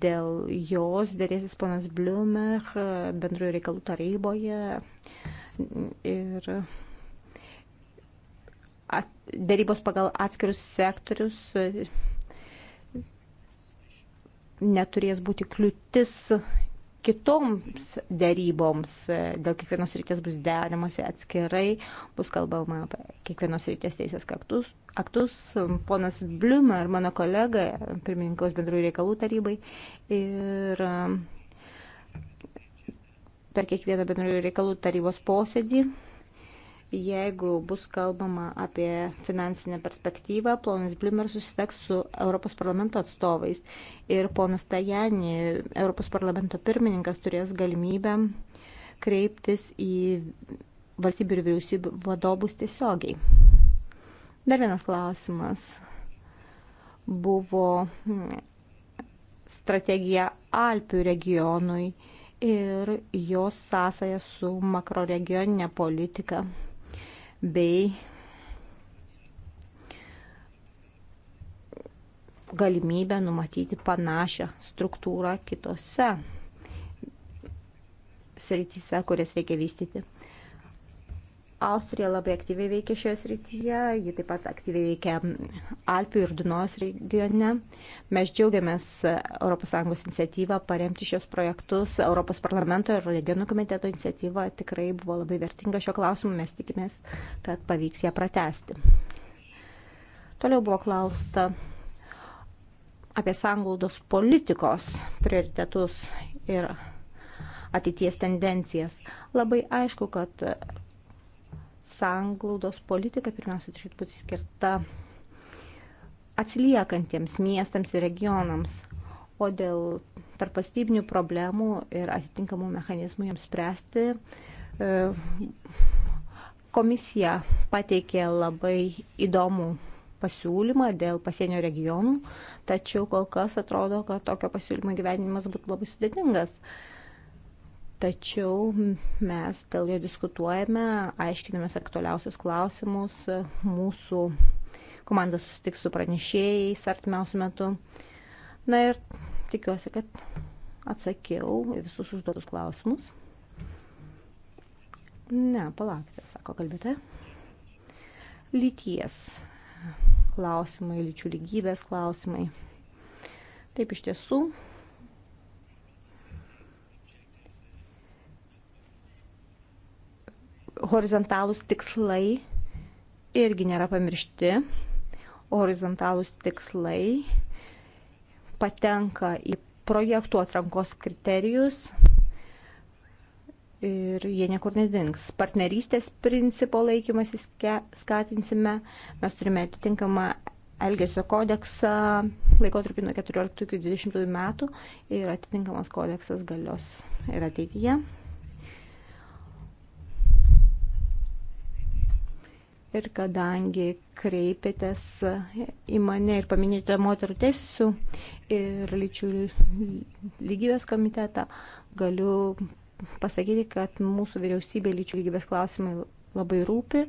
Dėl jos dėrėsis ponas Bliumer bendrojo reikalų taryboje. Ir dėrybos pagal atskirius sektorius neturės būti kliūtis kitoms dėryboms. E, dėl kiekvienos ryties bus deramasi atskirai, bus kalbama apie kiekvienos ryties teisės aktus. aktus. Ponas Bliumer, mano kolega, pirmininkaus bendrųjų reikalų tarybai. Ir e, per kiekvieną bendrųjų reikalų tarybos posėdį jeigu bus kalbama apie finansinę perspektyvą, ponas Blimer susiteks su Europos parlamento atstovais ir ponas Tajani, Europos parlamento pirmininkas, turės galimybę kreiptis į valstybių ir vyriausybių vadovus tiesiogiai. Dar vienas klausimas buvo hmm, strategija Alpių regionui ir jos sąsaja su makroregioninė politika bei galimybę numatyti panašią struktūrą kitose srityse, kurias reikia vystyti. Austrija labai aktyviai veikia šioje srityje, ji taip pat aktyviai veikia Alpių ir Dunojos regione. Mes džiaugiamės ES iniciatyvą paremti šios projektus. Europos parlamento ir regionų komiteto iniciatyva tikrai buvo labai vertinga šio klausimu, mes tikimės, kad pavyks ją pratesti. Toliau buvo klausta apie sanglaudos politikos prioritetus ir ateities tendencijas. Labai aišku, kad sanglaudos politika pirmiausia turėtų būti skirta atsiliekantiems miestams ir regionams, o dėl tarpastybinių problemų ir atitinkamų mechanizmų joms spręsti e, komisija pateikė labai įdomų pasiūlymą dėl pasienio regionų, tačiau kol kas atrodo, kad tokio pasiūlymo gyvenimas būtų labai sudėtingas. Uh, tačiau mes dėl jo diskutuojame, aiškinamės aktualiausius klausimus, mūsų komanda susitiks su pranešėjais artimiausiu metu. Na ir tikiuosi, kad atsakiau visus užduotus klausimus. Ne, palaukite, sako kalbėtoja. Lyties klausimai, lyčių lygybės klausimai. Taip iš tiesų, horizontalūs tikslai irgi nėra pamiršti. Horizontalūs tikslai patenka į projektų atrankos kriterijus ir jie niekur nedings. Partnerystės principo laikymasi skatinsime, mes turime atitinkamą Elgesio kodeksą laikotarpį nuo 14 iki 20 metų ir atitinkamas kodeksas galios ir ateityje. ir kadangi kreipėtės į mane ir paminėjote moterų teisų ir lyčių lygybės komitetą, galiu pasakyti, kad mūsų vyriausybė lyčių lygybės klausimai labai rūpi.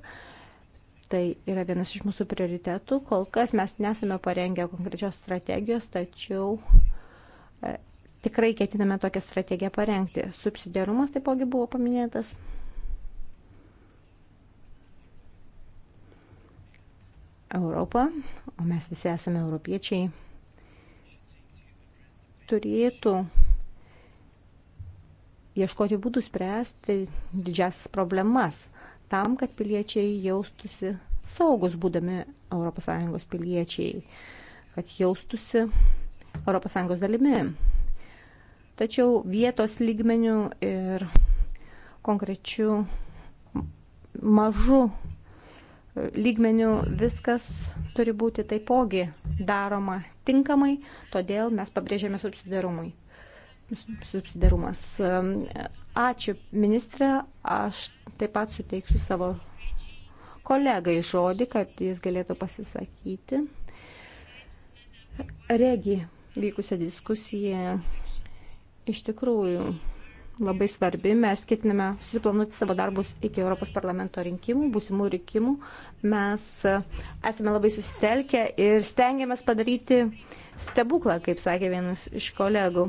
Tai yra vienas iš mūsų prioritetų. Kol kas mes nesame parengę konkrečios strategijos, tačiau e, tikrai ketiname tokią strategiją parengti. Subsidiarumas taipogi buvo paminėtas. Europa, o mes visi esame europiečiai, turėtų ieškoti būdų spręsti didžiasias problemas tam, kad piliečiai jaustusi saugus būdami ES piliečiai, kad jaustusi ES dalimi. Tačiau vietos lygmenių ir konkrečių mažų lygmenių viskas turi būti taipogi daroma tinkamai, todėl mes pabrėžėme subsidarumui. Subsidarumas. Ačiū, ministrė. Aš taip pat suteiksiu savo kolegai žodį, kad jis galėtų pasisakyti. Regi vykusią diskusiją iš tikrųjų labai svarbi. Mes ketiname susiplanuoti savo darbus iki Europos parlamento rinkimų, būsimų rinkimų. Mes e, esame labai susitelkę ir stengiamės padaryti stebuklą, kaip sakė vienas iš kolegų.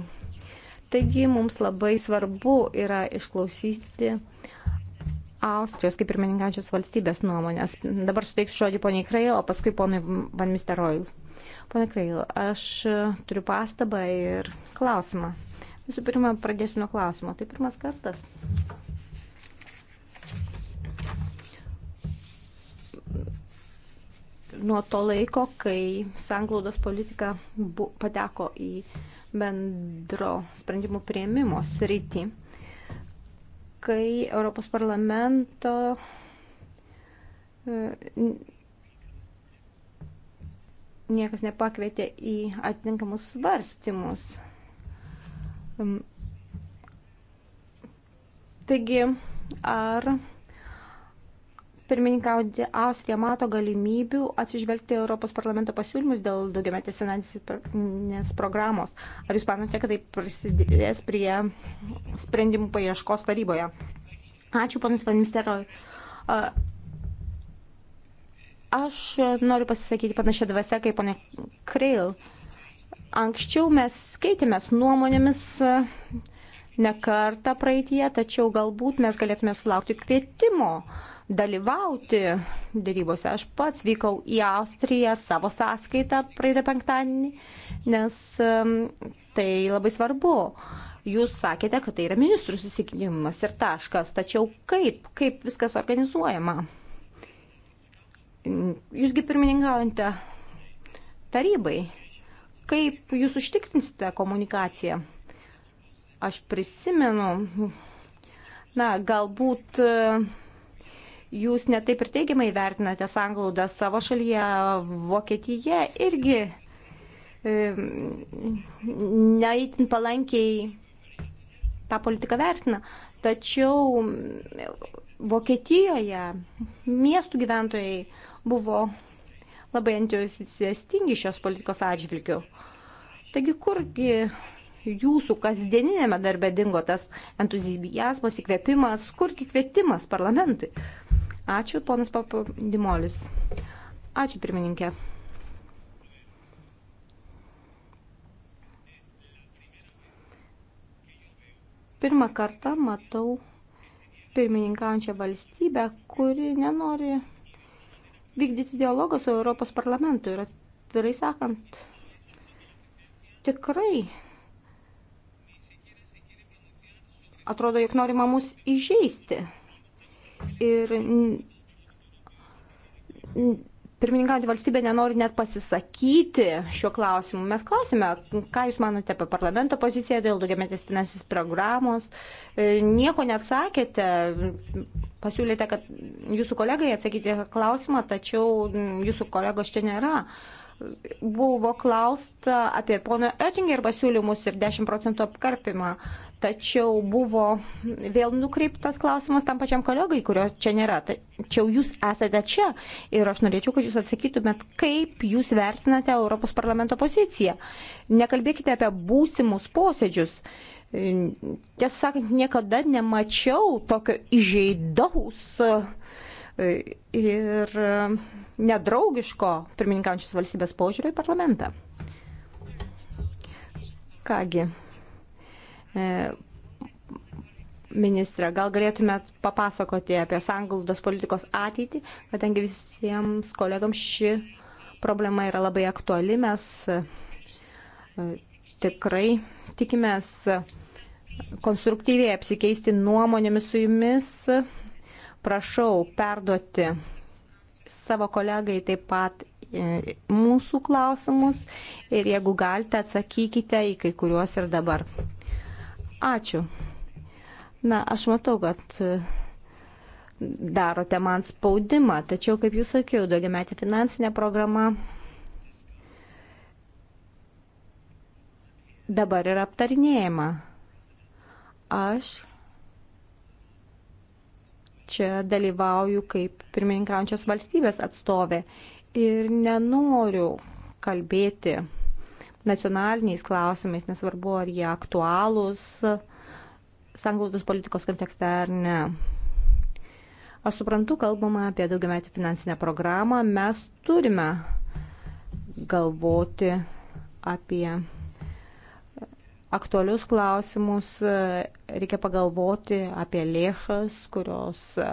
Taigi mums labai svarbu yra išklausyti Austrijos kaip pirmininkančios valstybės nuomonės. Dabar suteiksiu žodį poniai Krail, o paskui ponui Van Misterojl. Pone Krail, aš e, turiu pastabą ir klausimą. Visų pirma, pradėsiu nuo klausimo. Tai pirmas kartas. Nuo to laiko, kai sanglaudos politika pateko į bendro sprendimų prieimimo sritį, kai Europos parlamento e, niekas nepakvietė į atitinkamus svarstymus Taigi, ar pirmininkaudė Austrija mato galimybių atsižvelgti Europos parlamento pasiūlymus dėl daugiametės finansinės programos? Ar jūs manote, kad tai prisidės prie sprendimų paieškos taryboje? Ačiū, ponas Vanimsteroj. Aš noriu pasisakyti panašią dvasę kaip ponė Kreil. Anksčiau mes keitėmės nuomonėmis e, nekartą praeitie, tačiau galbūt mes galėtume sulaukti kvietimo dalyvauti dėrybose. Aš pats vykau į Austriją savo sąskaitą praeitą penktadienį, nes e, tai labai svarbu. Jūs sakėte, kad tai yra ministrų susikinimas ir taškas, tačiau kaip, kaip viskas organizuojama? Jūsgi pirmininkaujate tarybai Kaip jūs užtikrinsite komunikaciją? Aš prisimenu, na, galbūt e, jūs netaip ir teigiamai vertinate sanglaudą savo šalyje, Vokietija irgi e, neįtin palankiai tą politiką vertina. Tačiau Vokietijoje miestų gyventojai buvo labai entuziastingi šios politikos atžvilgių. Taigi kurgi jūsų kasdieninėme darbe dingo tas entuzijazmas, įkvėpimas, kurgi kvietimas parlamentui? Ačiū, ponas Papandimolis. Ačiū, pirmininkė. Pirmą kartą matau pirmininkaujančią valstybę, kuri nenori vykdyti dialogą su Europos parlamentu ir atvirai sakant, tikrai atrodo, jog norima mus įžeisti. Ir Pirmininkaujantį valstybę nenori net pasisakyti šiuo klausimu. Mes klausime, ką Jūs manote apie parlamento poziciją dėl daugiametės finansinės programos. E, nieko neatsakėte, pasiūlėte, kad Jūsų kolegai atsakyti klausimą, tačiau Jūsų kolegos čia nėra buvo klausta apie pono Oettinger pasiūlymus ir 10 procentų apkarpimą, tačiau buvo vėl nukreiptas klausimas tam pačiam kolegai, kurio čia nėra. Tačiau jūs esate čia ir aš norėčiau, kad jūs atsakytumėt, kaip jūs vertinate Europos parlamento poziciją. Nekalbėkite apie būsimus posėdžius. Tiesą sakant, niekada nemačiau tokio įžeidaus uh, ir e, nedraugiško pirmininkaujančios valstybės požiūrio į parlamentą. Kągi, e, ministrė, gal galėtumėt papasakoti apie sanglaudos politikos ateitį, kadangi visiems kolegams ši problema yra labai aktuali, mes e, tikrai tikimės konstruktyviai apsikeisti nuomonėmis su jumis Prašau perduoti savo kolegai taip pat e, mūsų klausimus ir jeigu galite, atsakykite į kai kuriuos ir dabar. Ačiū. Na, aš matau, kad e, darote man spaudimą, tačiau, kaip jūs sakiau, daugiametė finansinė programa dabar yra aptarinėjama. Aš čia dalyvauju kaip pirmininkaujančios valstybės atstovė ir nenoriu kalbėti nacionaliniais klausimais, nesvarbu ar jie aktualūs sanglaudos politikos kontekste ar ne. Aš suprantu, kalbama apie daugiametį finansinę programą, mes turime galvoti apie aktualius klausimus, e, reikia pagalvoti apie lėšas, kurios e,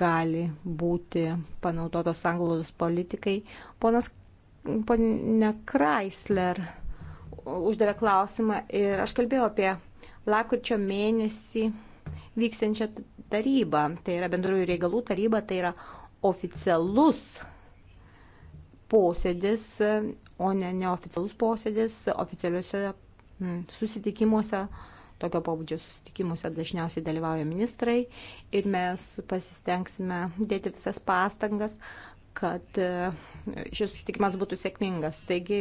gali būti panaudotos anglodos politikai. Ponas ponė Chrysler uždavė klausimą ir aš kalbėjau apie lapkričio mėnesį vyksiančią tarybą. Tai yra bendrųjų reikalų taryba, tai yra oficialus posėdis o ne neoficialus posėdis, oficialiuose mm, susitikimuose, tokio pobūdžio susitikimuose dažniausiai dalyvauja ministrai ir mes pasistengsime dėti visas pastangas, kad e, šis susitikimas būtų sėkmingas. Taigi,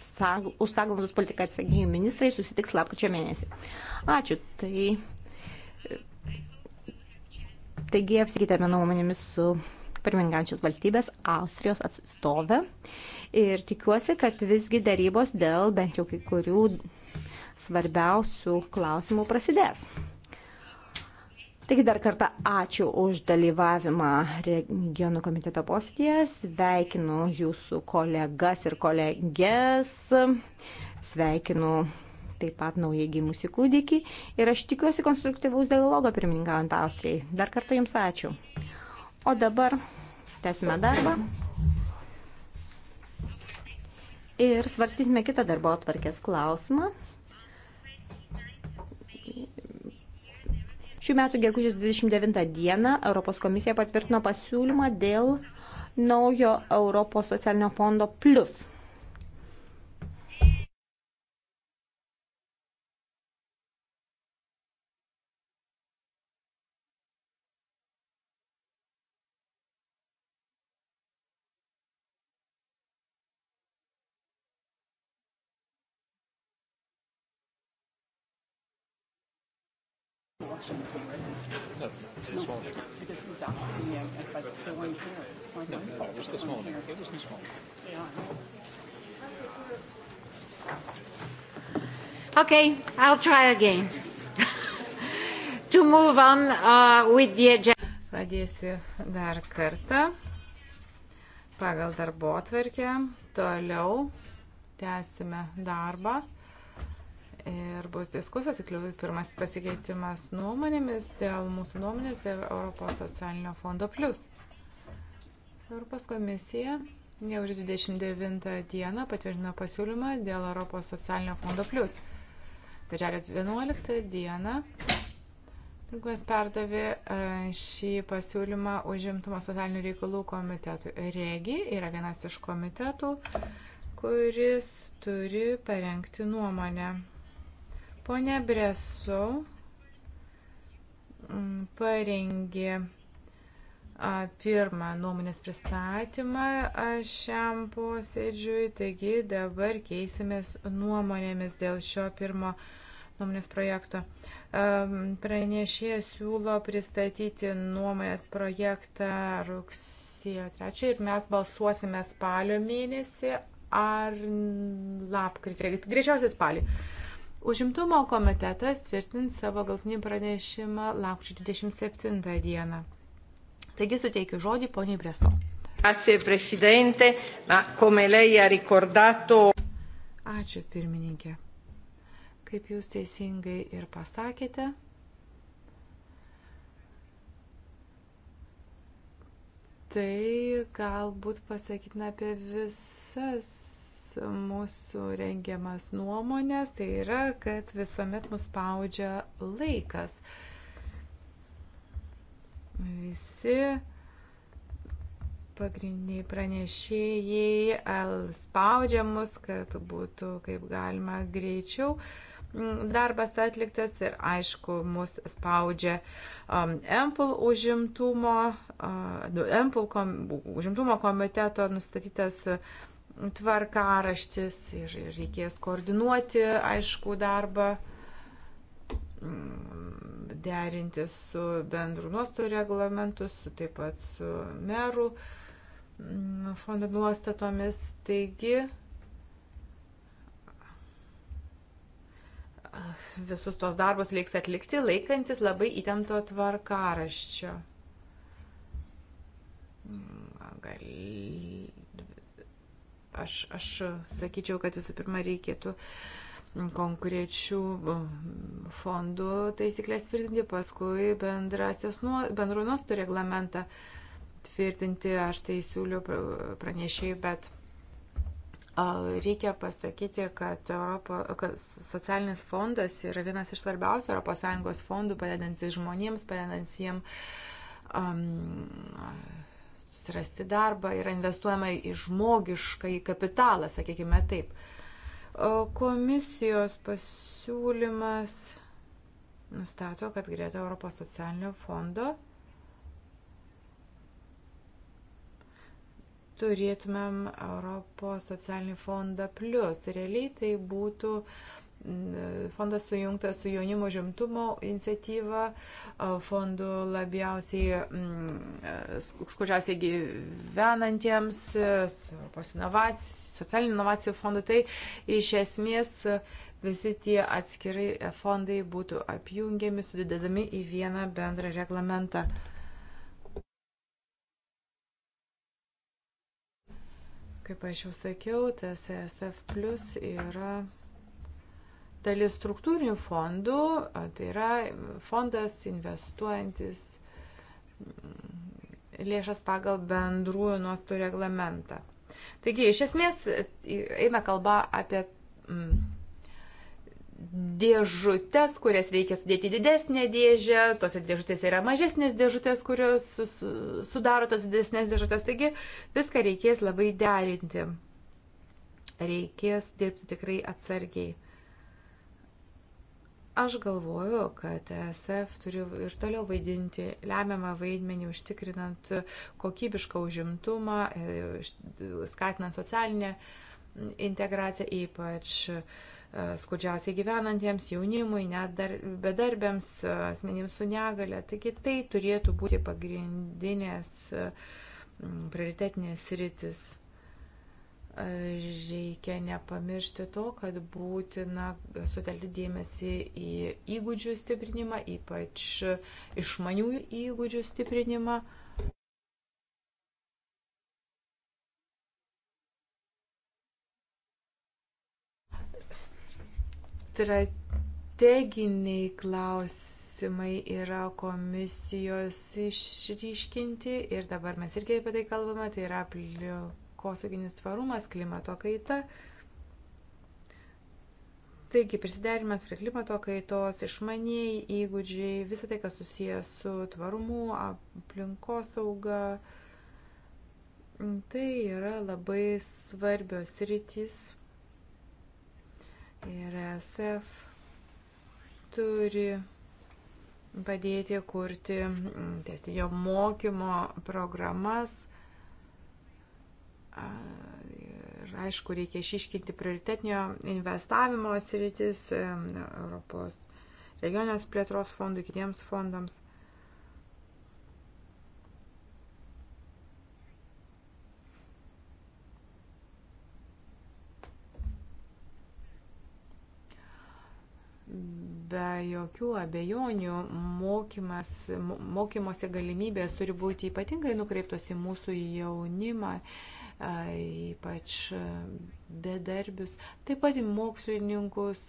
sagl, už sąglaudos politiką atsakingi ministrai susitiks lapkričio mėnesį. Ačiū. Tai, e, taigi, apsikeitėme nuomonėmis su pirmingančios valstybės Austrijos atstovę. Ir tikiuosi, kad visgi darybos dėl bent jau kai kurių svarbiausių klausimų prasidės. Taigi dar kartą ačiū už dalyvavimą regionų komiteto posėdėje, sveikinu jūsų kolegas ir kolegės, sveikinu taip pat naujai gimusi kūdikį ir aš tikiuosi konstruktyvaus dialogo pirmininkaujant Austrijai. Dar kartą jums ačiū. O dabar tęsime darbą. Ir svarstysime kitą darbo atvarkės klausimą. Šių metų gegužės 29 dieną Europos komisija patvirtino pasiūlymą dėl naujo Europos socialinio fondo plus connection to the registry? No, this morning. Because he's asking me, but they weren't here. It's like, no, I thought it was this morning. Here. It was this morning. Yeah. Okay, I'll try again. to move on uh, with the agenda. Pradėsiu dar kartą pagal darbo atverkę. Toliau tęsime darbą ir bus diskusijos, tikliau pirmas pasikeitimas nuomonėmis dėl mūsų nuomonės dėl Europos socialinio fondo plus. Europos komisija jau už 29 dieną patvirtino pasiūlymą dėl Europos socialinio fondo plus. Birželio 11 dieną Pinguas perdavė e, šį pasiūlymą užimtumo socialinių reikalų komitetui. Regi yra vienas iš komitetų, kuris turi parengti nuomonę Pone Bresu mm, parengė pirmą nuomonės pristatymą šiam posėdžiui, taigi dabar keisimės nuomonėmis dėl šio pirmo nuomonės projekto. Pranešėjas siūlo pristatyti nuomonės projektą rugsėjo 3 ir mes balsuosime spalio mėnesį ar lapkritį, greičiausiai spalį. Užimtumo komitetas tvirtins savo galtinį pranešimą lapkričio 27 dieną. Taigi suteikiu žodį poniai Breso. Grazie, prezidente. Ma, come lei ha ricordato... Ačiū, pirmininkė. Kaip jūs teisingai ir pasakėte, tai galbūt pasakytina apie visas mūsų rengiamas nuomonės, tai yra, kad visuomet mus spaudžia laikas. Visi pagrindiniai pranešėjai spaudžia mus, kad būtų kaip galima greičiau mm, darbas atliktas ir aišku, mus spaudžia um, Empul užimtumo, uh, Empul kom, užimtumo komiteto nustatytas uh, tvarkaraštis ir reikės koordinuoti, aišku, darbą, mm, derinti su bendru nuostų reglamentu, su taip pat su merų mm, fondo nuostatomis. Taigi, visus tos darbus reiks atlikti, laikantis labai įtempto tvarkaraščio. Mm, gal Aš, aš sakyčiau, kad visų pirma reikėtų konkrečių mm, fondų taisyklės tvirtinti, paskui nuo, bendrų nuostų reglamentą tvirtinti. Aš tai siūliu pranešėjai, bet Reikia pasakyti, kad, Europo, kad socialinis fondas yra vienas iš svarbiausių ES fondų, padedantis žmonėms, padedantis jiems um, rasti darbą, yra investuojama į žmogišką, į kapitalą, sakykime taip. Komisijos pasiūlymas nustato, kad greta Europos socialinio fondo turėtumėm Europos socialinį fondą plus. Realiai tai būtų uh, fondas sujungtas su jaunimo žimtumo iniciatyva, fondų labiausiai mm, skurdžiausiai gyvenantiems, socialinių inovacijų fondų. Tai iš esmės visi tie atskirai fondai būtų apjungiami, sudedami į vieną bendrą reglamentą. Kaip aš jau sakiau, tas ESF plus yra dalis struktūrinių fondų, tai yra fondas investuojantis mm, lėšas pagal bendrųjų nuostų reglamentą. Taigi, iš esmės, eina kalba apie mm, dėžutės, kurias reikia sudėti didesnę dėžę, tose dėžutėse yra mažesnės dėžutės, kurios sudaro tas didesnės dėžutės, taigi viską reikės labai derinti. Reikės dirbti tikrai atsargiai. Aš galvoju, kad ESF turi ir toliau vaidinti lemiamą vaidmenį, užtikrinant kokybišką užimtumą, e, skatinant socialinę integraciją, ypač e, skurdžiausiai gyvenantiems, jaunimui, net dar bedarbiams, e, asmenims su negale. Taigi tai turėtų būti pagrindinės prioritetinės rytis reikia nepamiršti to, kad būtina sutelkti dėmesį į įgūdžių stiprinimą, ypač išmaniųjų įgūdžių stiprinimą. Strateginiai klausimai yra komisijos išryškinti ir dabar mes irgi apie tai kalbame, tai yra aplinkos aplinkosauginis tvarumas, klimato kaita. Taigi prisiderimas prie klimato kaitos, išmaniai įgūdžiai, visą tai, kas susijęs su tvarumu, aplinkosauga, tai yra labai svarbios rytis. Ir SF turi padėti kurti tiesinio mokymo programas Ir aišku, reikia išiškinti prioritetinio investavimo sritis Europos regionės plėtros fondui, kitiems fondams. be jokių abejonių mokymas, mokymosi galimybės turi būti ypatingai nukreiptos į mūsų jaunimą, ypač bedarbius, taip pat mokslininkus.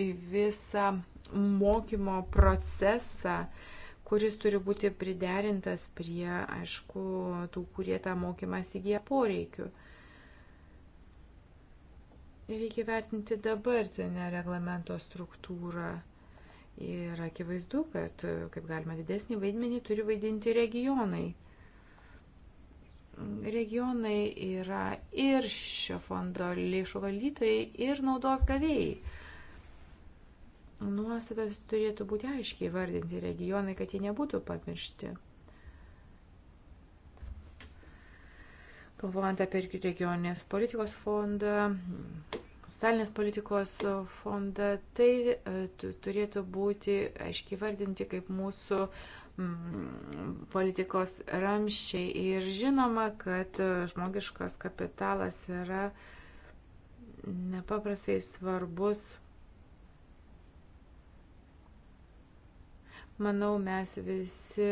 Į visą mokymo procesą, kuris turi būti priderintas prie, aišku, tų, kurie tą mokymąsi įgyja poreikių. Reikia vertinti dabartinę reglamento struktūrą. Ir akivaizdu, kad kaip galima didesnį vaidmenį turi vaidinti regionai. Regionai yra ir šio fondo lėšų valdytojai, ir naudos gavėjai. Nuostatos turėtų būti aiškiai vardinti regionai, kad jie nebūtų pamiršti. Galvojant apie regioninės politikos fondą, socialinės politikos fondą, tai e, turėtų būti aiškiai vardinti kaip mūsų mm, politikos ramščiai. Ir žinoma, kad e, žmogiškas kapitalas yra nepaprastai svarbus. Manau, mes visi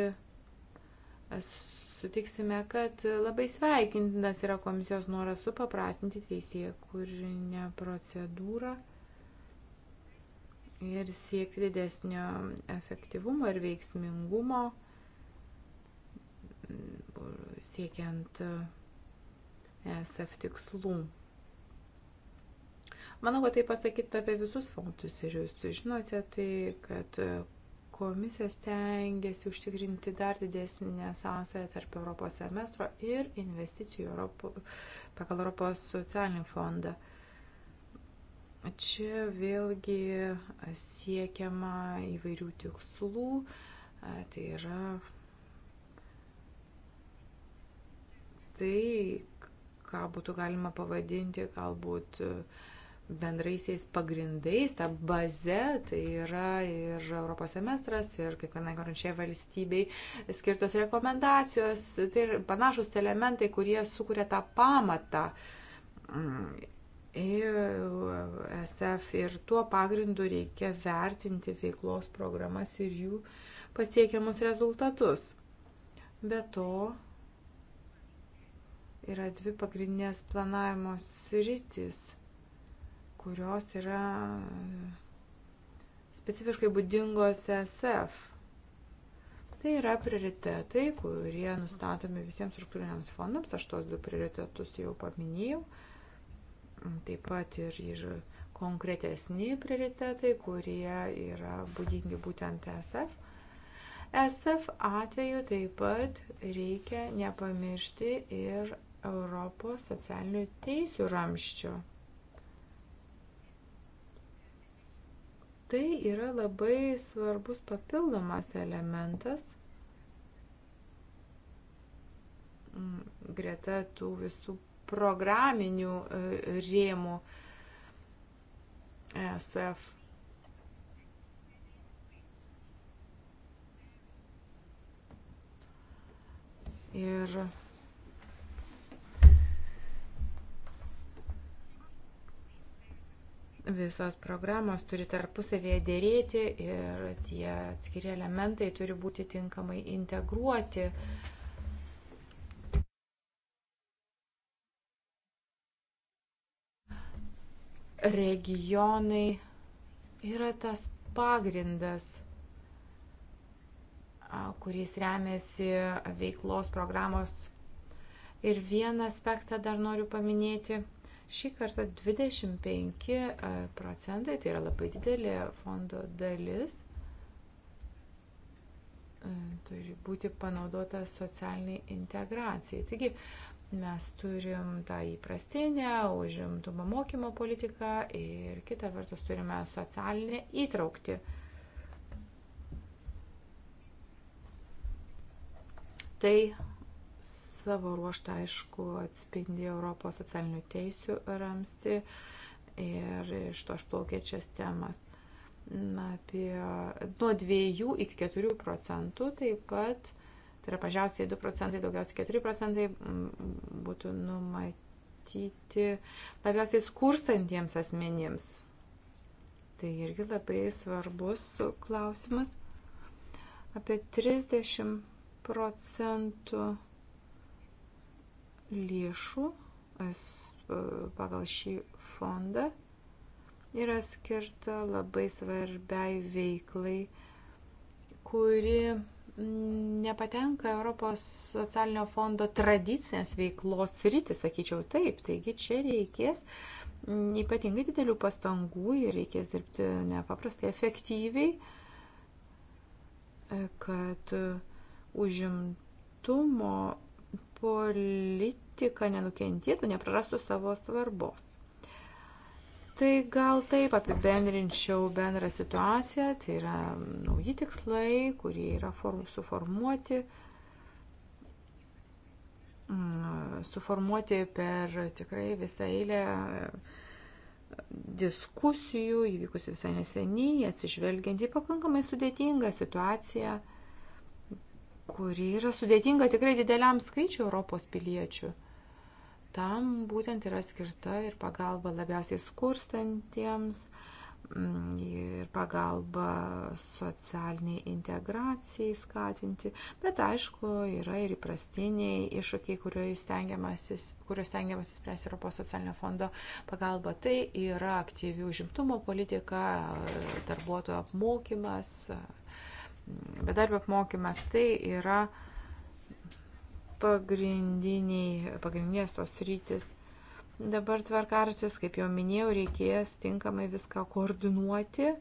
sutiksime, kad labai sveikintinas yra komisijos noras supaprastinti teisėją kūrinę procedūrą ir siekti didesnio efektyvumo ir veiksmingumo, siekiant e SF tikslų. Manau, kad tai pasakyti apie visus funkcijus ir jūs žinote tai, kad komisija stengiasi užtikrinti dar didesnę sąsąją tarp Europos semestro ir investicijų Europo, pagal Europos socialinį fondą. Čia vėlgi siekiama įvairių tikslų, tai yra tai, ką būtų galima pavadinti galbūt uh, bendraisiais pagrindais, tą bazę, tai yra ir Europos semestras, ir kiekvienai konkrečiai valstybei skirtos rekomendacijos, tai ir panašus elementai, kurie sukuria tą pamatą. Mm. ESF ir tuo pagrindu reikia vertinti veiklos programas ir jų pasiekiamus rezultatus. Be to, yra dvi pagrindinės planavimo sritis – kurios yra specifiškai būdingos SF. Tai yra prioritetai, kurie nustatomi visiems struktūriniams fondams. Aš tos du prioritetus jau paminėjau. Taip pat ir, ir konkretesni prioritetai, kurie yra būdingi būtent SF. SF atveju taip pat reikia nepamiršti ir Europos socialinių teisių ramščio. Tai yra labai svarbus papildomas elementas mm, greta tų visų programinių e, rėmų e SF. Ir visos programos turi tarpusavėje dėrėti ir tie atskiri elementai turi būti tinkamai integruoti. Regionai yra tas pagrindas, kuris remiasi veiklos programos. Ir vieną aspektą dar noriu paminėti Šį kartą 25 e, procentai, tai yra labai didelė fondo dalis, e, turi būti panaudota socialiniai integracijai. Taigi mes turim tą įprastinę užimtumo mokymo politiką ir kitą vertus turime socialinę įtraukti. Tai savo ruoštą, aišku, atspindi Europos socialinių teisių ramsti ir iš to išplaukėčias temas apie nuo 2 iki 4 procentų, taip pat, tai yra mažiausiai 2 procentai, daugiausiai 4 procentai mm, būtų numatyti labiausiai skurstantiems asmenims. Tai irgi labai svarbus klausimas. Apie 30 procentų lėšų e, pagal šį fondą yra skirta labai svarbiai veiklai, kuri nepatenka Europos socialinio fondo tradicinės veiklos rytis, sakyčiau taip. Taigi čia reikės ypatingai didelių pastangų ir reikės dirbti nepaprastai efektyviai, e, kad e, užimtumo politika nenukentėtų, neprarastų savo svarbos. Tai gal taip apibendrinčiau bendrą situaciją, tai yra nauji tikslai, kurie yra form, suformuoti, mm, suformuoti per tikrai visą eilę e, diskusijų, įvykusių visai neseniai, atsižvelgiant į pakankamai sudėtingą situaciją kuri yra sudėtinga tikrai dideliam skaičiu Europos piliečių. Tam būtent yra skirta ir pagalba labiausiai skurstantiems, mm, ir pagalba socialiniai integracijai skatinti, bet aišku, yra ir įprastiniai iššūkiai, kuriuos stengiamasi spręsti Europos socialinio fondo pagalba. Tai yra aktyvių žimtumo politika, darbuotojų apmokymas, bedarbio apmokymas, tai yra pagrindiniai, pagrindinės tos rytis. Dabar tvarkarsis, kaip jau minėjau, reikės tinkamai viską koordinuoti,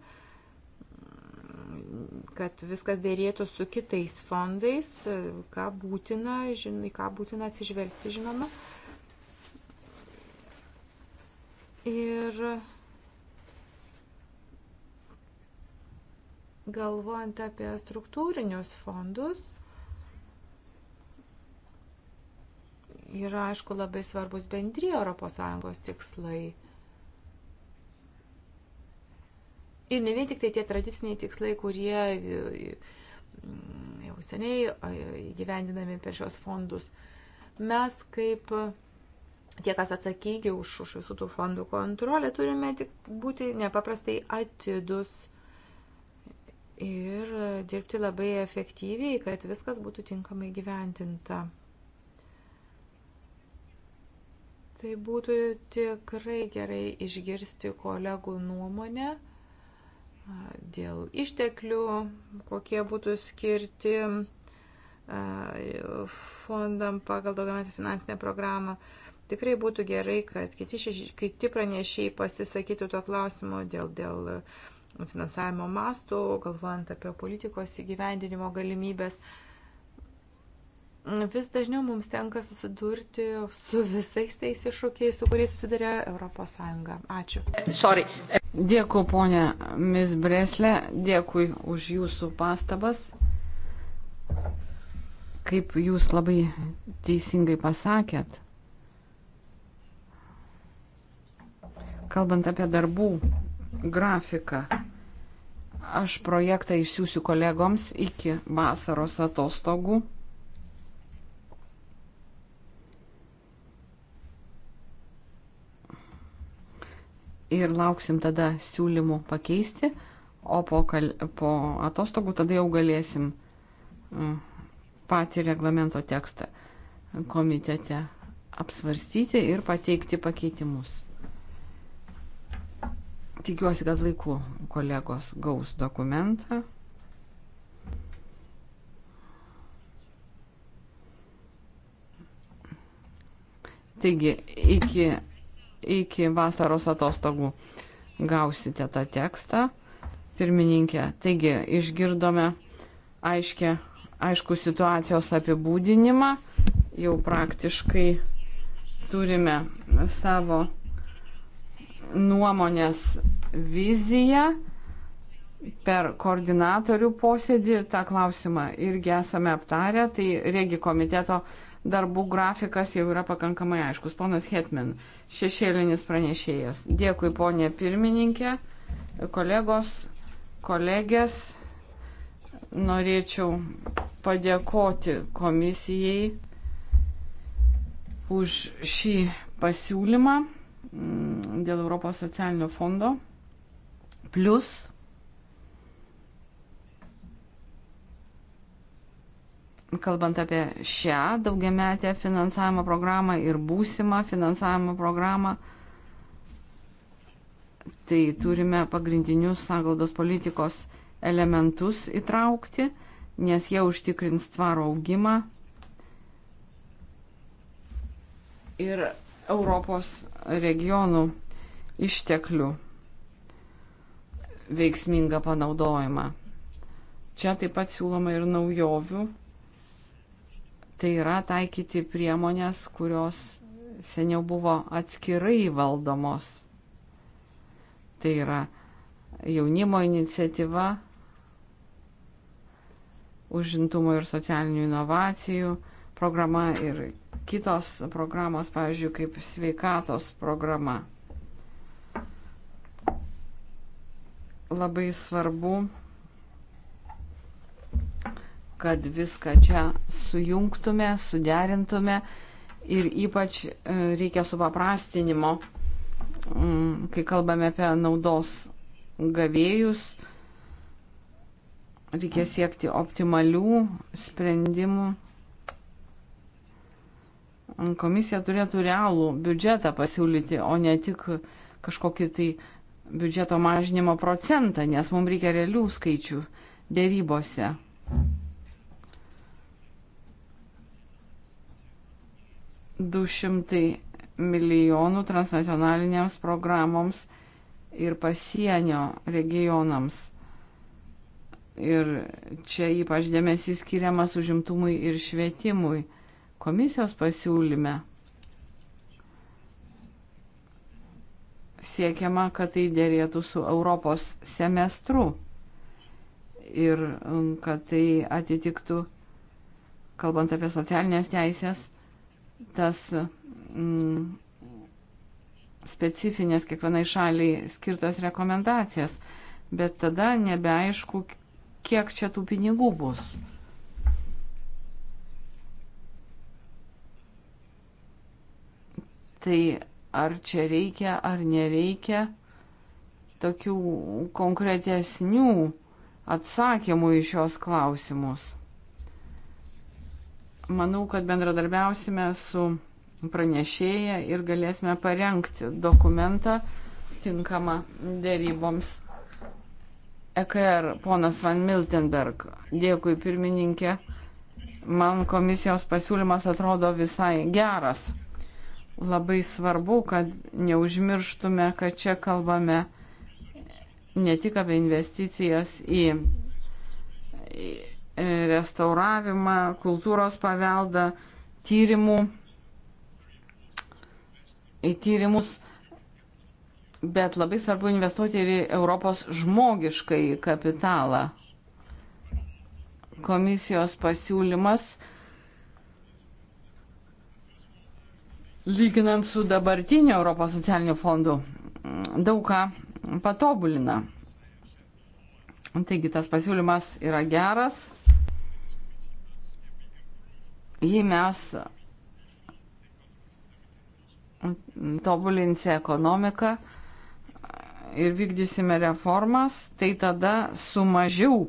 kad viskas dėrėtų su kitais fondais, ką būtina, žinai, ką būtina atsižvelgti, žinoma. Ir galvojant apie struktūrinius fondus, yra, aišku, labai svarbus bendri ES tikslai. Ir ne vien tik tai tie tradiciniai tikslai, kurie mm, jau seniai gyvendinami per šios fondus. Mes kaip tie, kas atsakingi už, už visų tų fondų kontrolę, turime tik būti nepaprastai atidus ir dirbti labai efektyviai, kad viskas būtų tinkamai gyventinta. Tai būtų tikrai gerai išgirsti kolegų nuomonę dėl išteklių, kokie būtų skirti fondam pagal daugiametį finansinę programą. Tikrai būtų gerai, kad kiti, kiti pranešiai pasisakytų tuo klausimu dėl, dėl uh, finansavimo mastų, galvojant apie politikos įgyvendinimo galimybės. Vis dažniau mums tenka susidurti su visais tais iššūkiais, su kuriais susiduria ES. Ačiū. Sorry. Dėkui, ponė Miss Breslė, dėkui už jūsų pastabas. Kaip jūs labai teisingai pasakėt, kalbant apie darbų grafiką. Aš projektą išsiųsiu kolegoms iki vasaros atostogų. Ir lauksim tada siūlymų pakeisti, o po, kal... po atostogų tada jau galėsim mm, patį reglamento tekstą komitete apsvarstyti ir pateikti pakeitimus. Tikiuosi, kad laiku kolegos gaus dokumentą. Taigi, iki, iki vasaros atostogų gausite tą tekstą, pirmininkė. Taigi, išgirdome aiškę, aišku situacijos apibūdinimą, jau praktiškai turime savo nuomonės viziją per koordinatorių posėdį tą klausimą irgi esame aptarę, tai regi komiteto darbų grafikas jau yra pakankamai aiškus. Ponas Hetman, šešėlinis pranešėjas. Dėkui, ponė pirmininkė, kolegos, kolegės. Norėčiau padėkoti komisijai už šį pasiūlymą. Mm, dėl Europos socialinio fondo, plus kalbant apie šią daugiametę finansavimo programą ir būsimą finansavimo programą, tai turime pagrindinius sągaldos politikos elementus įtraukti, nes jie užtikrins tvaro augimą ir Europos regionų išteklių veiksmingą panaudojimą. Čia taip pat siūloma ir naujovių. Tai yra taikyti priemonės, kurios seniau buvo atskirai valdomos. Tai yra jaunimo iniciatyva, užimtumo ir socialinių inovacijų programa ir kitos programos, pavyzdžiui, kaip sveikatos programa. Labai svarbu, kad viską čia sujungtume, suderintume ir ypač e, reikia supaprastinimo, mm, kai kalbame apie naudos gavėjus, reikia siekti optimalių sprendimų komisija turėtų realų biudžetą pasiūlyti, o ne tik kažkokį tai biudžeto mažinimo procentą, nes mums reikia realių skaičių dėrybose. Du šimtai milijonų transnacionalinėms programoms ir pasienio regionams. Ir čia ypač dėmesys skiriamas užimtumui ir švietimui. Komisijos pasiūlyme siekiama, kad tai dėrėtų su Europos semestru ir um, kad tai atitiktų, kalbant apie socialinės teisės, tas mm, specifinės kiekvienai šaliai skirtas rekomendacijas, bet tada nebeaišku, kiek čia tų pinigų bus. Tai ar čia reikia, ar nereikia tokių konkretesnių atsakymų į šios klausimus. Manau, kad bendradarbiausime su pranešėja ir galėsime parengti dokumentą tinkamą dėryboms. EKR er, ponas Van Miltenberg, dėkui pirmininkė, man komisijos pasiūlymas atrodo visai geras labai svarbu, kad neužmirštume, kad čia kalbame ne tik apie investicijas į e, restauravimą, kultūros paveldą, tyrimų, į tyrimus, bet labai svarbu investuoti ir į Europos žmogiškai kapitalą. Komisijos pasiūlymas lyginant su dabartiniu Europos socialiniu fondu, daug ką patobulina. Taigi tas pasiūlymas yra geras. Jei mes tobulinsi ekonomiką ir vykdysime reformas, tai tada su mažiau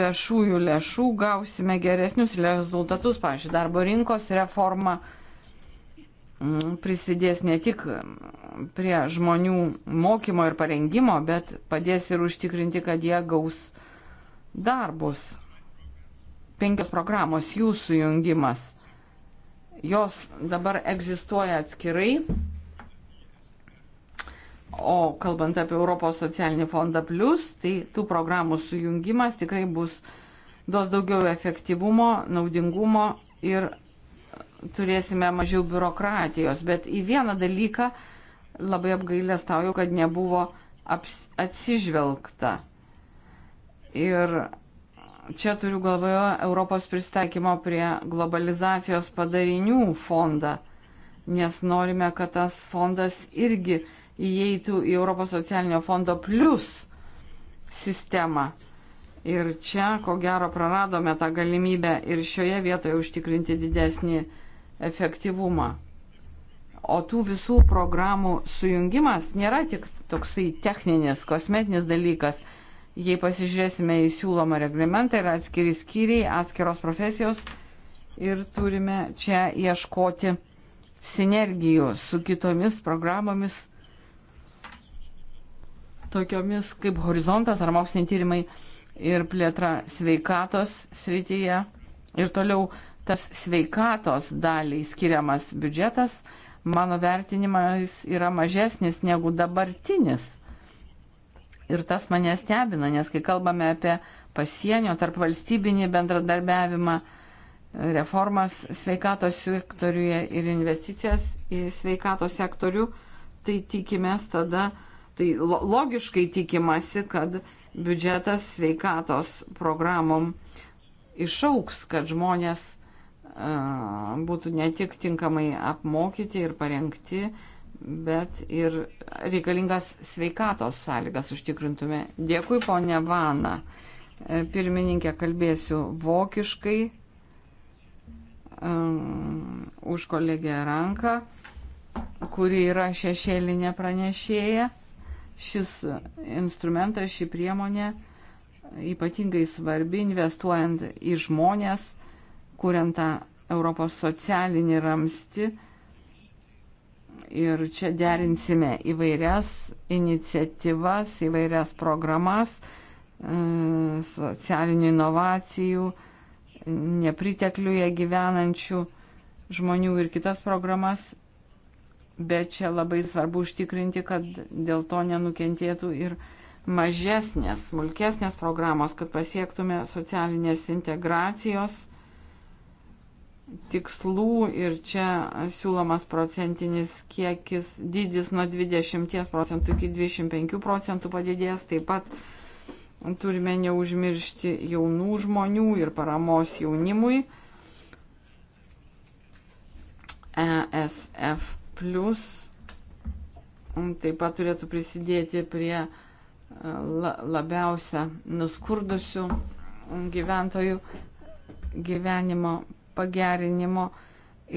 viešųjų lėšų gausime geresnius rezultatus, pavyzdžiui, darbo rinkos reformą prisidės ne tik prie žmonių mokymo ir parengimo, bet padės ir užtikrinti, kad jie gaus darbus. Penkios programos, jų sujungimas. Jos dabar egzistuoja atskirai. O kalbant apie Europos socialinį fondą plus, tai tų programų sujungimas tikrai bus, duos daugiau efektyvumo, naudingumo ir turėsime mažiau biurokratijos, bet į vieną dalyką labai apgailę stauju, kad nebuvo atsižvelgta. Ir čia turiu galvoje Europos pristaikymo prie globalizacijos padarinių fondą, nes norime, kad tas fondas irgi įeitų į Europos socialinio fondo plus sistemą. Ir čia, ko gero, praradome tą galimybę ir šioje vietoje užtikrinti didesnį efektyvumą. O tų visų programų sujungimas nėra tik toksai techninis, kosmetinis dalykas. Jei pasižiūrėsime į siūlomą reglamentą, yra atskiri skyriai, atskiros profesijos ir turime čia ieškoti sinergijų su kitomis programomis, tokiomis kaip horizontas ar moksliniai tyrimai ir plėtra sveikatos srityje. Ir toliau tas sveikatos daliai skiriamas biudžetas, mano vertinimais, yra mažesnis negu dabartinis. Ir tas mane stebina, nes kai kalbame apie pasienio tarp valstybinį bendradarbiavimą, reformas sveikatos sektoriuje ir investicijas į sveikatos sektorių, tai tikimės tada, tai logiškai tikimasi, kad biudžetas sveikatos programom išauks, kad žmonės būtų ne tik tinkamai apmokyti ir parengti, bet ir reikalingas sveikatos sąlygas užtikrintume. Dėkui, ponė Vana. E, pirmininkė, kalbėsiu vokiškai um, už kolegę Ranką, kuri yra šešėlinė pranešėja. Šis instrumentas, ši priemonė ypatingai svarbi investuojant į žmonės, kuriant tą Europos socialinį ramstį ir čia derinsime įvairias iniciatyvas, įvairias programas e, socialinių inovacijų, nepritekliuje gyvenančių žmonių ir kitas programas, bet čia labai svarbu užtikrinti, kad dėl to nenukentėtų ir mažesnės, smulkesnės programos, kad pasiektume socialinės integracijos tikslų ir čia siūlomas procentinis kiekis dydis nuo 20 procentų iki 25 procentų padidės. Taip pat turime neužmiršti jaunų žmonių ir paramos jaunimui. ESF plus mm, taip pat turėtų prisidėti prie e, labiausia nuskurdusių mm, gyventojų gyvenimo pagerinimo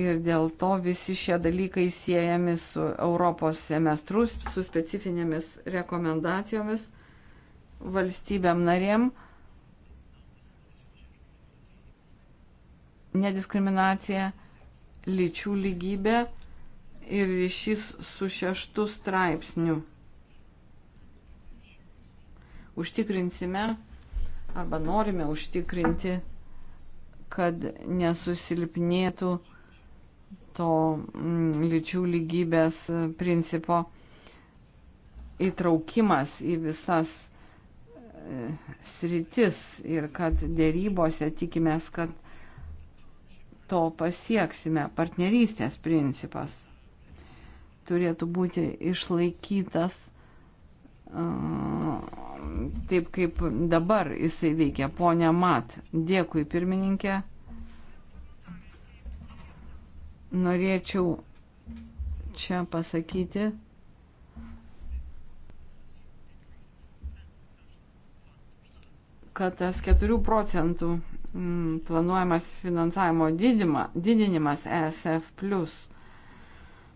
ir dėl to visi šie dalykai siejami su Europos semestru, su specifinėmis rekomendacijomis valstybėm narėm. Nediskriminacija, lyčių lygybė ir ryšys su šeštu straipsniu. Užtikrinsime arba norime užtikrinti kad nesusilpnėtų to mm, lyčių lygybės principo įtraukimas į visas e, sritis ir kad dėrybose tikimės, kad to pasieksime. Partnerystės principas turėtų būti išlaikytas taip kaip dabar jisai veikia. Pone Mat, dėkui pirmininkė. Norėčiau čia pasakyti, kad tas 4 procentų mm, planuojamas finansavimo didima, didinimas ESF plus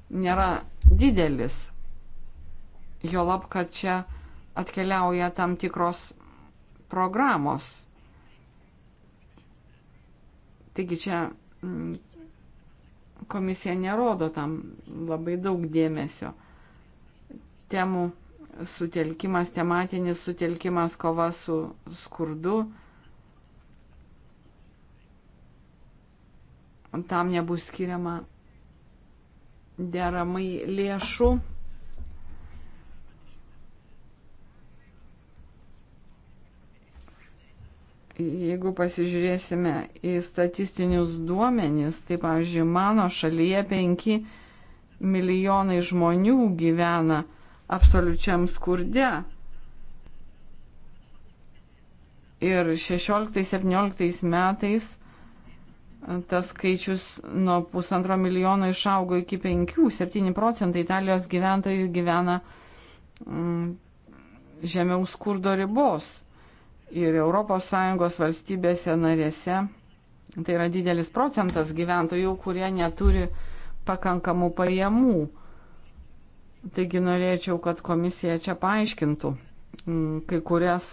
nėra didelis jo lab, kad čia atkeliauja tam tikros programos. Taigi čia mm, komisija nerodo tam labai daug dėmesio. Temų sutelkimas, tematinis sutelkimas, kova su skurdu. Tam nebus skiriama deramai lėšų. Jeigu pasižiūrėsime į statistinius duomenys, tai pavyzdžiui, mano šalyje 5 milijonai žmonių gyvena absoliučiam skurde. Ir 16-17 metais e, tas skaičius nuo pusantro milijono išaugo iki 5-7 procentai Italijos gyventojų gyvena mm, žemiau skurdo ribos ir ES valstybėse narėse. Tai yra didelis procentas gyventojų, kurie neturi pakankamų pajamų. Taigi norėčiau, kad komisija čia paaiškintų mm, kai kurias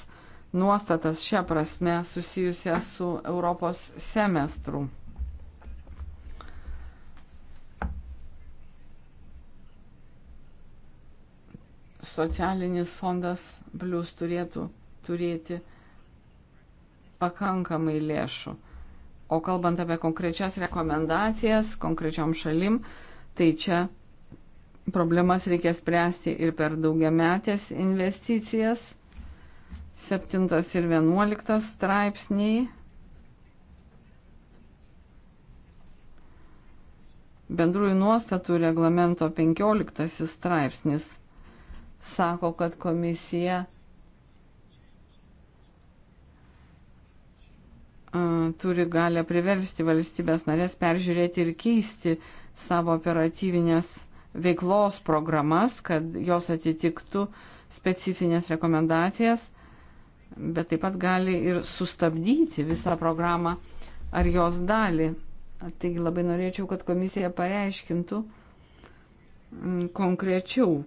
nuostatas šią prasme susijusią su Europos semestru. Socialinis fondas plus turėtų turėti pakankamai lėšų. O kalbant apie konkrečias rekomendacijas konkrečiom šalim, tai čia problemas reikės spręsti ir per daugiametės investicijas. 7 ir 11 straipsniai. Bendrųjų nuostatų reglamento 15 straipsnis sako, kad komisija turi galę priversti valstybės narės peržiūrėti ir keisti savo operatyvinės veiklos programas, kad jos atitiktų specifines rekomendacijas, bet taip pat gali ir sustabdyti visą programą ar jos dalį. Taigi labai norėčiau, kad komisija pareiškintų konkrečiau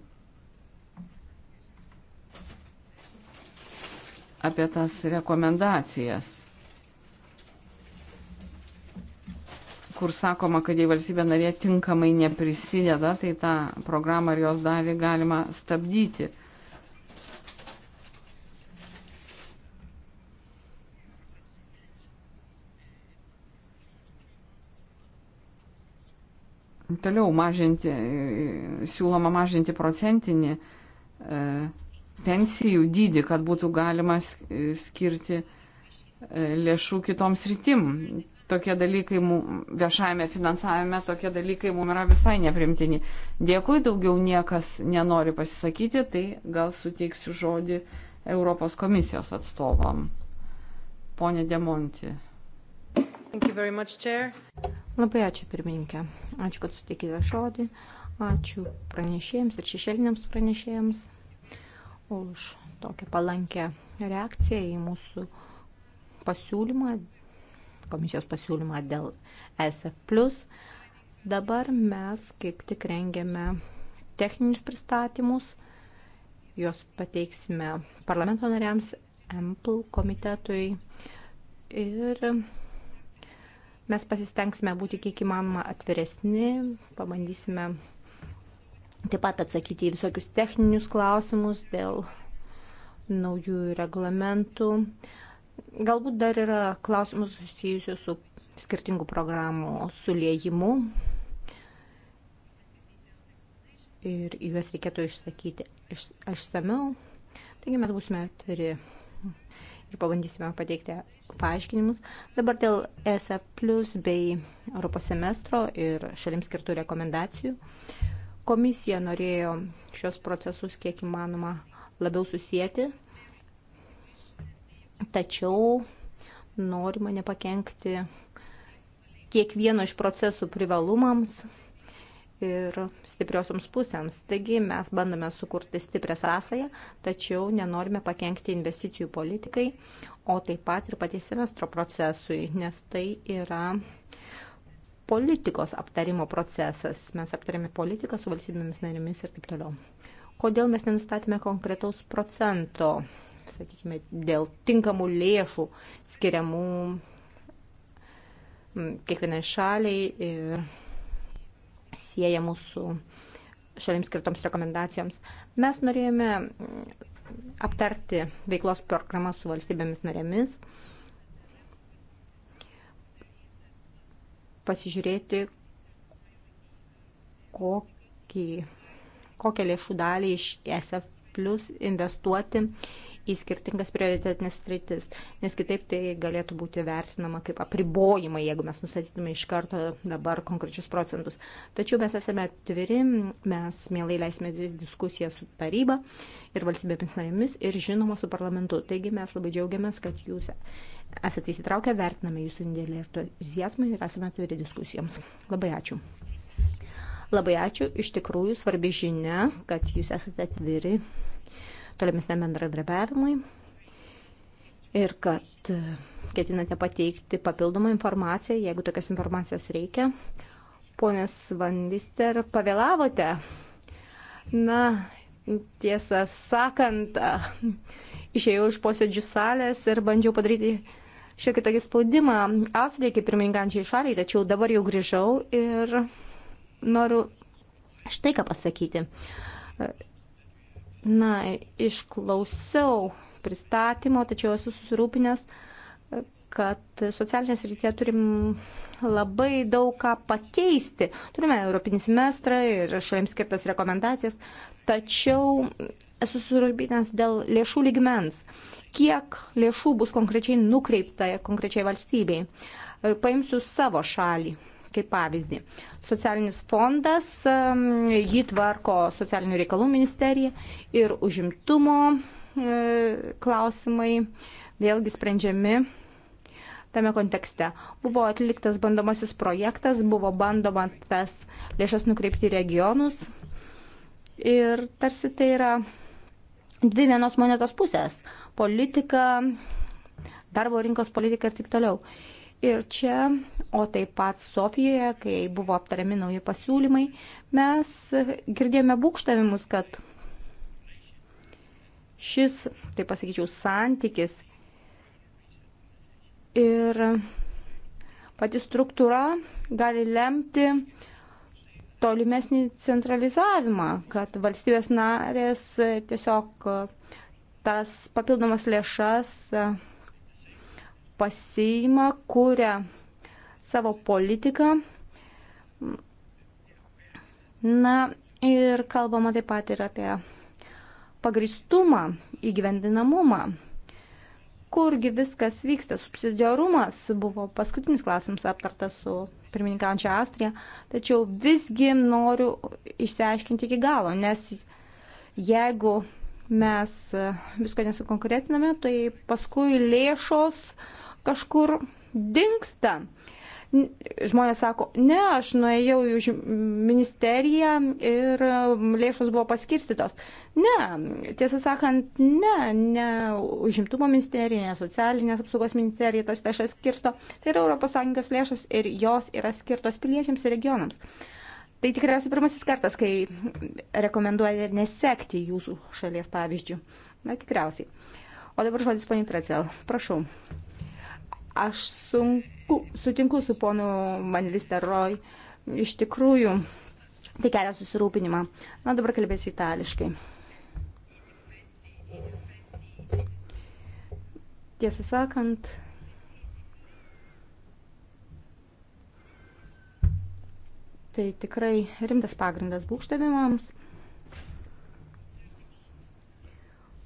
apie tas rekomendacijas. kur sakoma, kad jei valstybė narė tinkamai neprisideda, tai tą programą ir jos dalį galima stabdyti. Toliau mažinti, siūloma mažinti procentinį e, pensijų dydį, kad būtų galima skirti e, lėšų kitoms rytim tokie dalykai mum, viešajame finansavime, tokie dalykai mums yra visai neprimtini. Dėkui, daugiau niekas nenori pasisakyti, tai gal suteiksiu žodį Europos komisijos atstovam. Pone Demonti. Much, Chair. Labai ačiū pirmininkė. Ačiū, kad suteikėte žodį. Ačiū pranešėjams ir šešėliniams pranešėjams už tokią palankę reakciją į mūsų pasiūlymą komisijos pasiūlymą dėl SF. Dabar mes kaip tik rengiame techninius pristatymus, juos pateiksime parlamento nariams, EMPL komitetui ir mes pasistengsime būti kiek įmanoma atviresni, pabandysime taip pat atsakyti į visokius techninius klausimus dėl naujų reglamentų. Uh, Galbūt dar yra klausimų susijusių su skirtingų programų suliejimu ir juos reikėtų išsakyti iš, išsameu. Taigi mes būsime atviri ir pabandysime pateikti paaiškinimus. Dabar dėl ESF plus bei Europos semestro ir šalims skirtų rekomendacijų. Komisija norėjo šios procesus kiek įmanoma labiau susijęti tačiau norima nepakenkti kiekvieno iš procesų privalumams ir stipriosioms pusėms. Taigi mes bandome sukurti stiprią sąsąją, tačiau nenorime pakengti investicijų politikai, o taip pat ir patys semestro procesui, nes tai yra politikos aptarimo procesas. Mes aptarėme politiką su valstybėmis narėmis ir taip toliau. Kodėl mes nenustatėme konkretaus procento sakykime, dėl tinkamų lėšų skiriamų mm, kiekvienai šaliai ir siejamų su šalims skirtoms rekomendacijoms. Mes norėjome mm, aptarti veiklos programą su valstybėmis narėmis, pasižiūrėti, kokį, kokią lėšų dalį iš ESF plus investuoti į skirtingas prioritetinės streitis, nes kitaip tai galėtų būti vertinama kaip apribojimai, jeigu mes nustatytume iš karto dabar konkrečius procentus. Tačiau mes esame atviri, mes mielai leisime diskusiją su taryba ir valstybėmis narėmis ir žinoma su parlamentu. Taigi mes labai džiaugiamės, kad jūs esate įsitraukę, vertiname jūsų indėlį ir entuzijazmą ir esame atviri diskusijoms. Labai ačiū. Labai ačiū, iš tikrųjų svarbi žinia, kad jūs esate atviri tolimesniam bendradarbiavimui ir kad ketinate pateikti papildomą informaciją, jeigu tokios informacijos reikia. Ponės Vandister, pavėlavote. Na, tiesą sakant, išėjau iš posėdžių salės ir bandžiau padaryti šiokį tokį spaudimą Austrijai kaip pirmininkančiai šaliai, tačiau dabar jau grįžau ir noriu štai ką pasakyti. Na, išklausiau pristatymo, tačiau esu susirūpinęs, kad socialinės rytėje turim labai daug ką pakeisti. Turime Europinį semestrą ir šalims skirtas rekomendacijas, tačiau esu susirūpinęs dėl lėšų ligmens. Kiek lėšų bus konkrečiai nukreipta konkrečiai valstybei? Paimsiu savo šalį kaip pavyzdį. Socialinis fondas, jį tvarko socialinių reikalų ministerija ir užimtumo e, klausimai vėlgi sprendžiami tame kontekste. Buvo atliktas bandomasis projektas, buvo bandoma tas lėšas nukreipti į regionus ir tarsi tai yra dvi vienos monetos pusės - politika, darbo rinkos politika ir taip toliau ir čia, o taip pat Sofijoje, kai buvo aptariami nauji pasiūlymai, mes girdėjome būkštavimus, kad šis, taip pasakyčiau, santykis ir pati struktūra gali lemti tolimesnį centralizavimą, kad valstybės narės tiesiog tas papildomas lėšas pasiima, kuria savo politiką. Na ir kalbama taip pat ir apie pagristumą, įgyvendinamumą. Kurgi viskas vyksta? Subsidiarumas buvo paskutinis klausimas aptartas su pirmininkaujančia Austrija, tačiau visgi noriu išsiaiškinti iki galo, nes jeigu mes visko nesukonkretiname, tai paskui lėšos uh, kažkur dinksta. Žmonės sako, ne, aš nuėjau į ministeriją ir lėšos buvo paskirstytos. Ne, tiesą sakant, ne, ne užimtumo ministerija, ne socialinės apsaugos ministerija tas lėšas skirsto. Tai yra ES lėšos ir jos yra skirtos piliečiams ir regionams. Tai tikriausiai pirmasis kartas, kai rekomenduojate nesekti jūsų šalies pavyzdžių. Na, tikriausiai. O dabar žodis poniai Precel. Prašau. Aš sunku, sutinku su ponu Manilisteroj. Iš tikrųjų, tai kelia susirūpinimą. Na, dabar kalbėsiu itališkai. Tiesą sakant, tai tikrai rimtas pagrindas būkštavimams.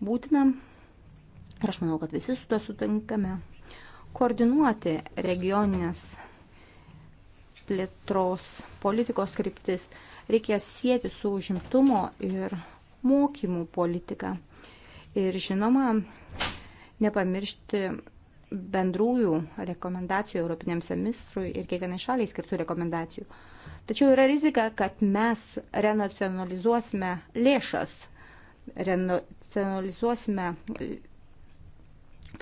Būtina. Ir aš manau, kad visi su to sutinkame koordinuoti regioninės plėtros politikos kryptis, reikės sieti su užimtumo ir mokymų politika. Ir žinoma, nepamiršti bendrųjų rekomendacijų Europiniam semestrui ir kiekvienai šaliai skirtų rekomendacijų. Tačiau yra rizika, kad mes renacionalizuosime lėšas, renacionalizuosime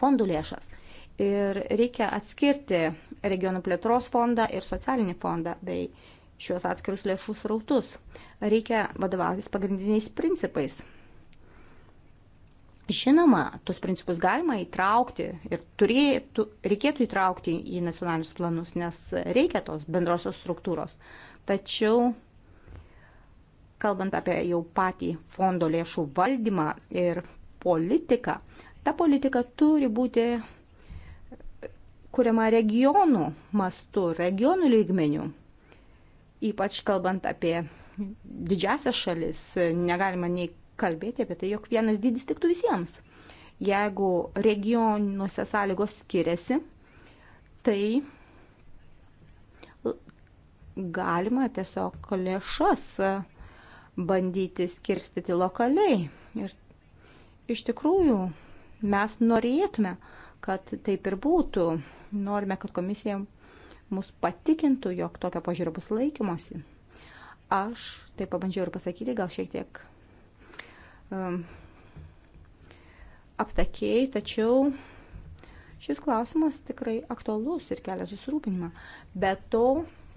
fondų lėšas. Ir reikia atskirti regionų plėtros fondą ir socialinį fondą bei šiuos atskirus lėšų srautus. Reikia vadovautis pagrindiniais principais. Žinoma, tuos principus galima įtraukti ir turėtų, reikėtų įtraukti į nacionalinius planus, nes reikia tos bendrosios struktūros. Tačiau, kalbant apie jau patį fondo lėšų valdymą ir politiką, ta politika turi būti kuriama regionų mastu, regionų lygmenių. Ypač kalbant apie didžiasias šalis, negalima nei kalbėti apie tai, jog vienas dydis tiktų visiems. Jeigu regionuose sąlygos skiriasi, tai galima tiesiog lėšas bandyti skirstyti lokaliai. Ir iš tikrųjų mes norėtume, kad taip ir būtų. Norime, kad komisija mus patikintų, jog tokio požiūrio bus laikymosi. Aš tai pabandžiau ir pasakyti, gal šiek tiek um, aptakiai, tačiau šis klausimas tikrai aktualus ir kelia susirūpinimą. Be to,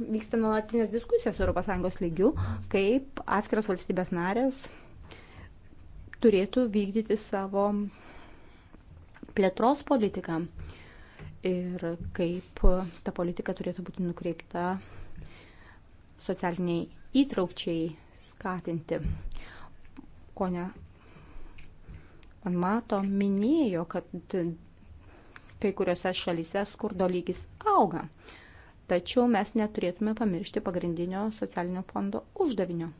vyksta nuolatinės diskusijos ES lygių, kaip atskiros valstybės narės turėtų vykdyti savo plėtros politiką ir kaip ta politika turėtų būti nukreipta socialiniai įtraukčiai skatinti. Pone man mato minėjo, kad kai kuriuose šalyse skurdo lygis auga. Tačiau mes neturėtume pamiršti pagrindinio socialinio fondo uždavinio.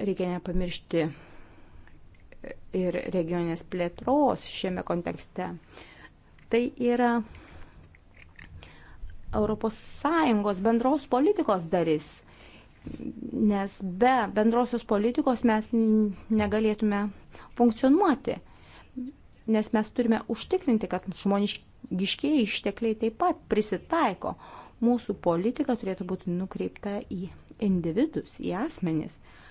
Reikia nepamiršti ir regioninės plėtros šiame kontekste. Tai yra ES bendros politikos dalis, nes be bendrosios politikos mes negalėtume funkcionuoti, nes mes turime užtikrinti, kad žmoniškiai ištekliai taip pat prisitaiko. Mūsų politika turėtų būti nukreipta į individus, į asmenis. Uh,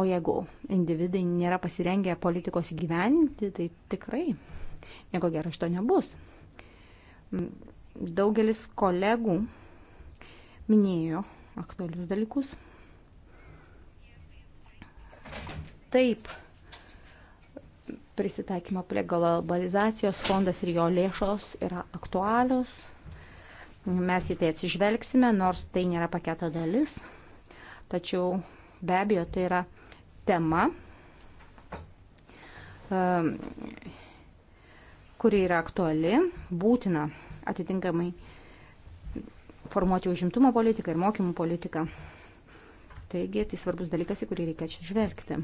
O jeigu individai nėra pasirengę politikos įgyveninti, tai tikrai nieko gero iš to nebus. Daugelis kolegų minėjo aktualius dalykus. Taip, prisitaikymo prie globalizacijos fondas ir jo lėšos yra aktualios. Mes į tai atsižvelgsime, nors tai nėra paketo dalis. Tačiau be abejo, tai yra tema, um, kuri yra aktuali, būtina atitinkamai formuoti užimtumo politiką ir mokymų politiką. Taigi, tai svarbus dalykas, į kurį reikia čia žvelgti.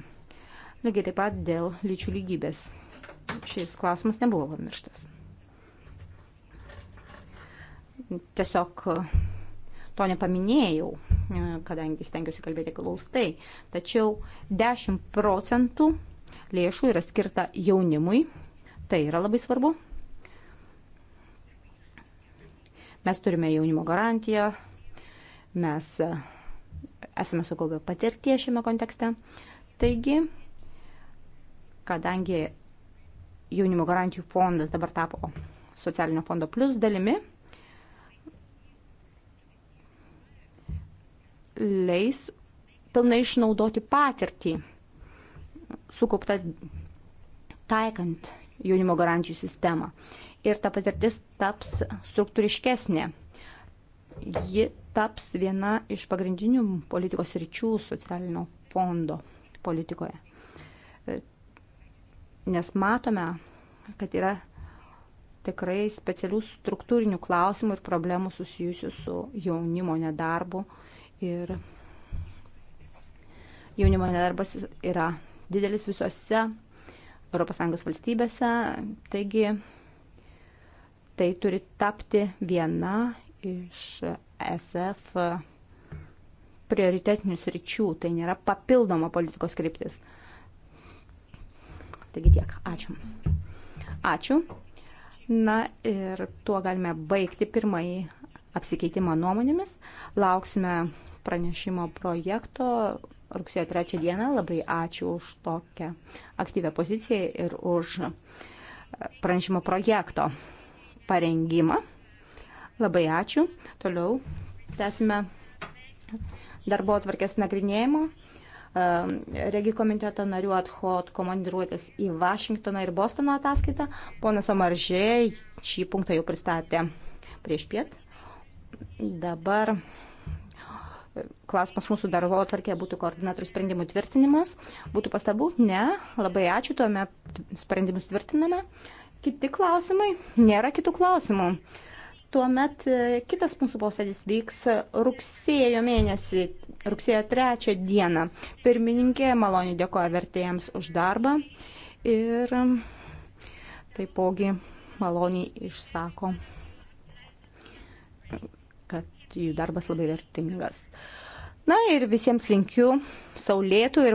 Lygiai taip pat dėl lyčių lygybės. Šis klausimas nebuvo pamirštas. Tiesiog to nepaminėjau E, kadangi stengiuosi kalbėti glaustai. Tačiau 10 procentų lėšų yra skirta jaunimui. Tai yra labai svarbu. Mes turime jaunimo garantiją, mes e, esame sukaupę patirties šiame kontekste. Taigi, kadangi jaunimo garantijų fondas dabar tapo socialinio fondo plus dalimi, leis pilnai išnaudoti patirtį sukauptą taikant jaunimo garantijų sistemą. Ir ta patirtis taps struktūriškesnė. Ji taps viena iš pagrindinių politikos ryčių socialinio fondo politikoje. Nes matome, kad yra tikrai specialių struktūrinių klausimų ir problemų susijusių su jaunimo nedarbu Ir jaunimo nedarbas yra didelis visose ES valstybėse, taigi tai turi tapti viena iš SF prioritetinių sričių, tai nėra papildoma politikos kryptis. Taigi tiek, ačiū. Ačiū. Na ir tuo galime baigti pirmąjį apsikeitimą nuomonėmis. Lauksime pranešimo projekto rugsėjo 3 dieną. Labai ačiū už tokią aktyvę poziciją ir už pranešimo projekto parengimą. Labai ačiū. Toliau tęsime darbo atvarkės nagrinėjimo. Regi komiteto narių atход komandiruotės į Vašingtoną ir Bostoną ataskaitą. Ponas Omaržė šį punktą jau pristatė prieš piet. Dabar klausimas mūsų darbo atvarkė būtų koordinatorių sprendimų tvirtinimas. Būtų pastabų? Ne. Labai ačiū, tuomet sprendimus tvirtiname. Kiti klausimai? Nėra kitų klausimų. Tuomet e, kitas mūsų posėdis vyks rugsėjo mėnesį, rugsėjo trečią dieną. Pirmininkė maloniai dėkoja vertėjams už darbą ir taipogi maloniai išsako jų darbas labai vertingas. Na ir visiems linkiu saulėtų ir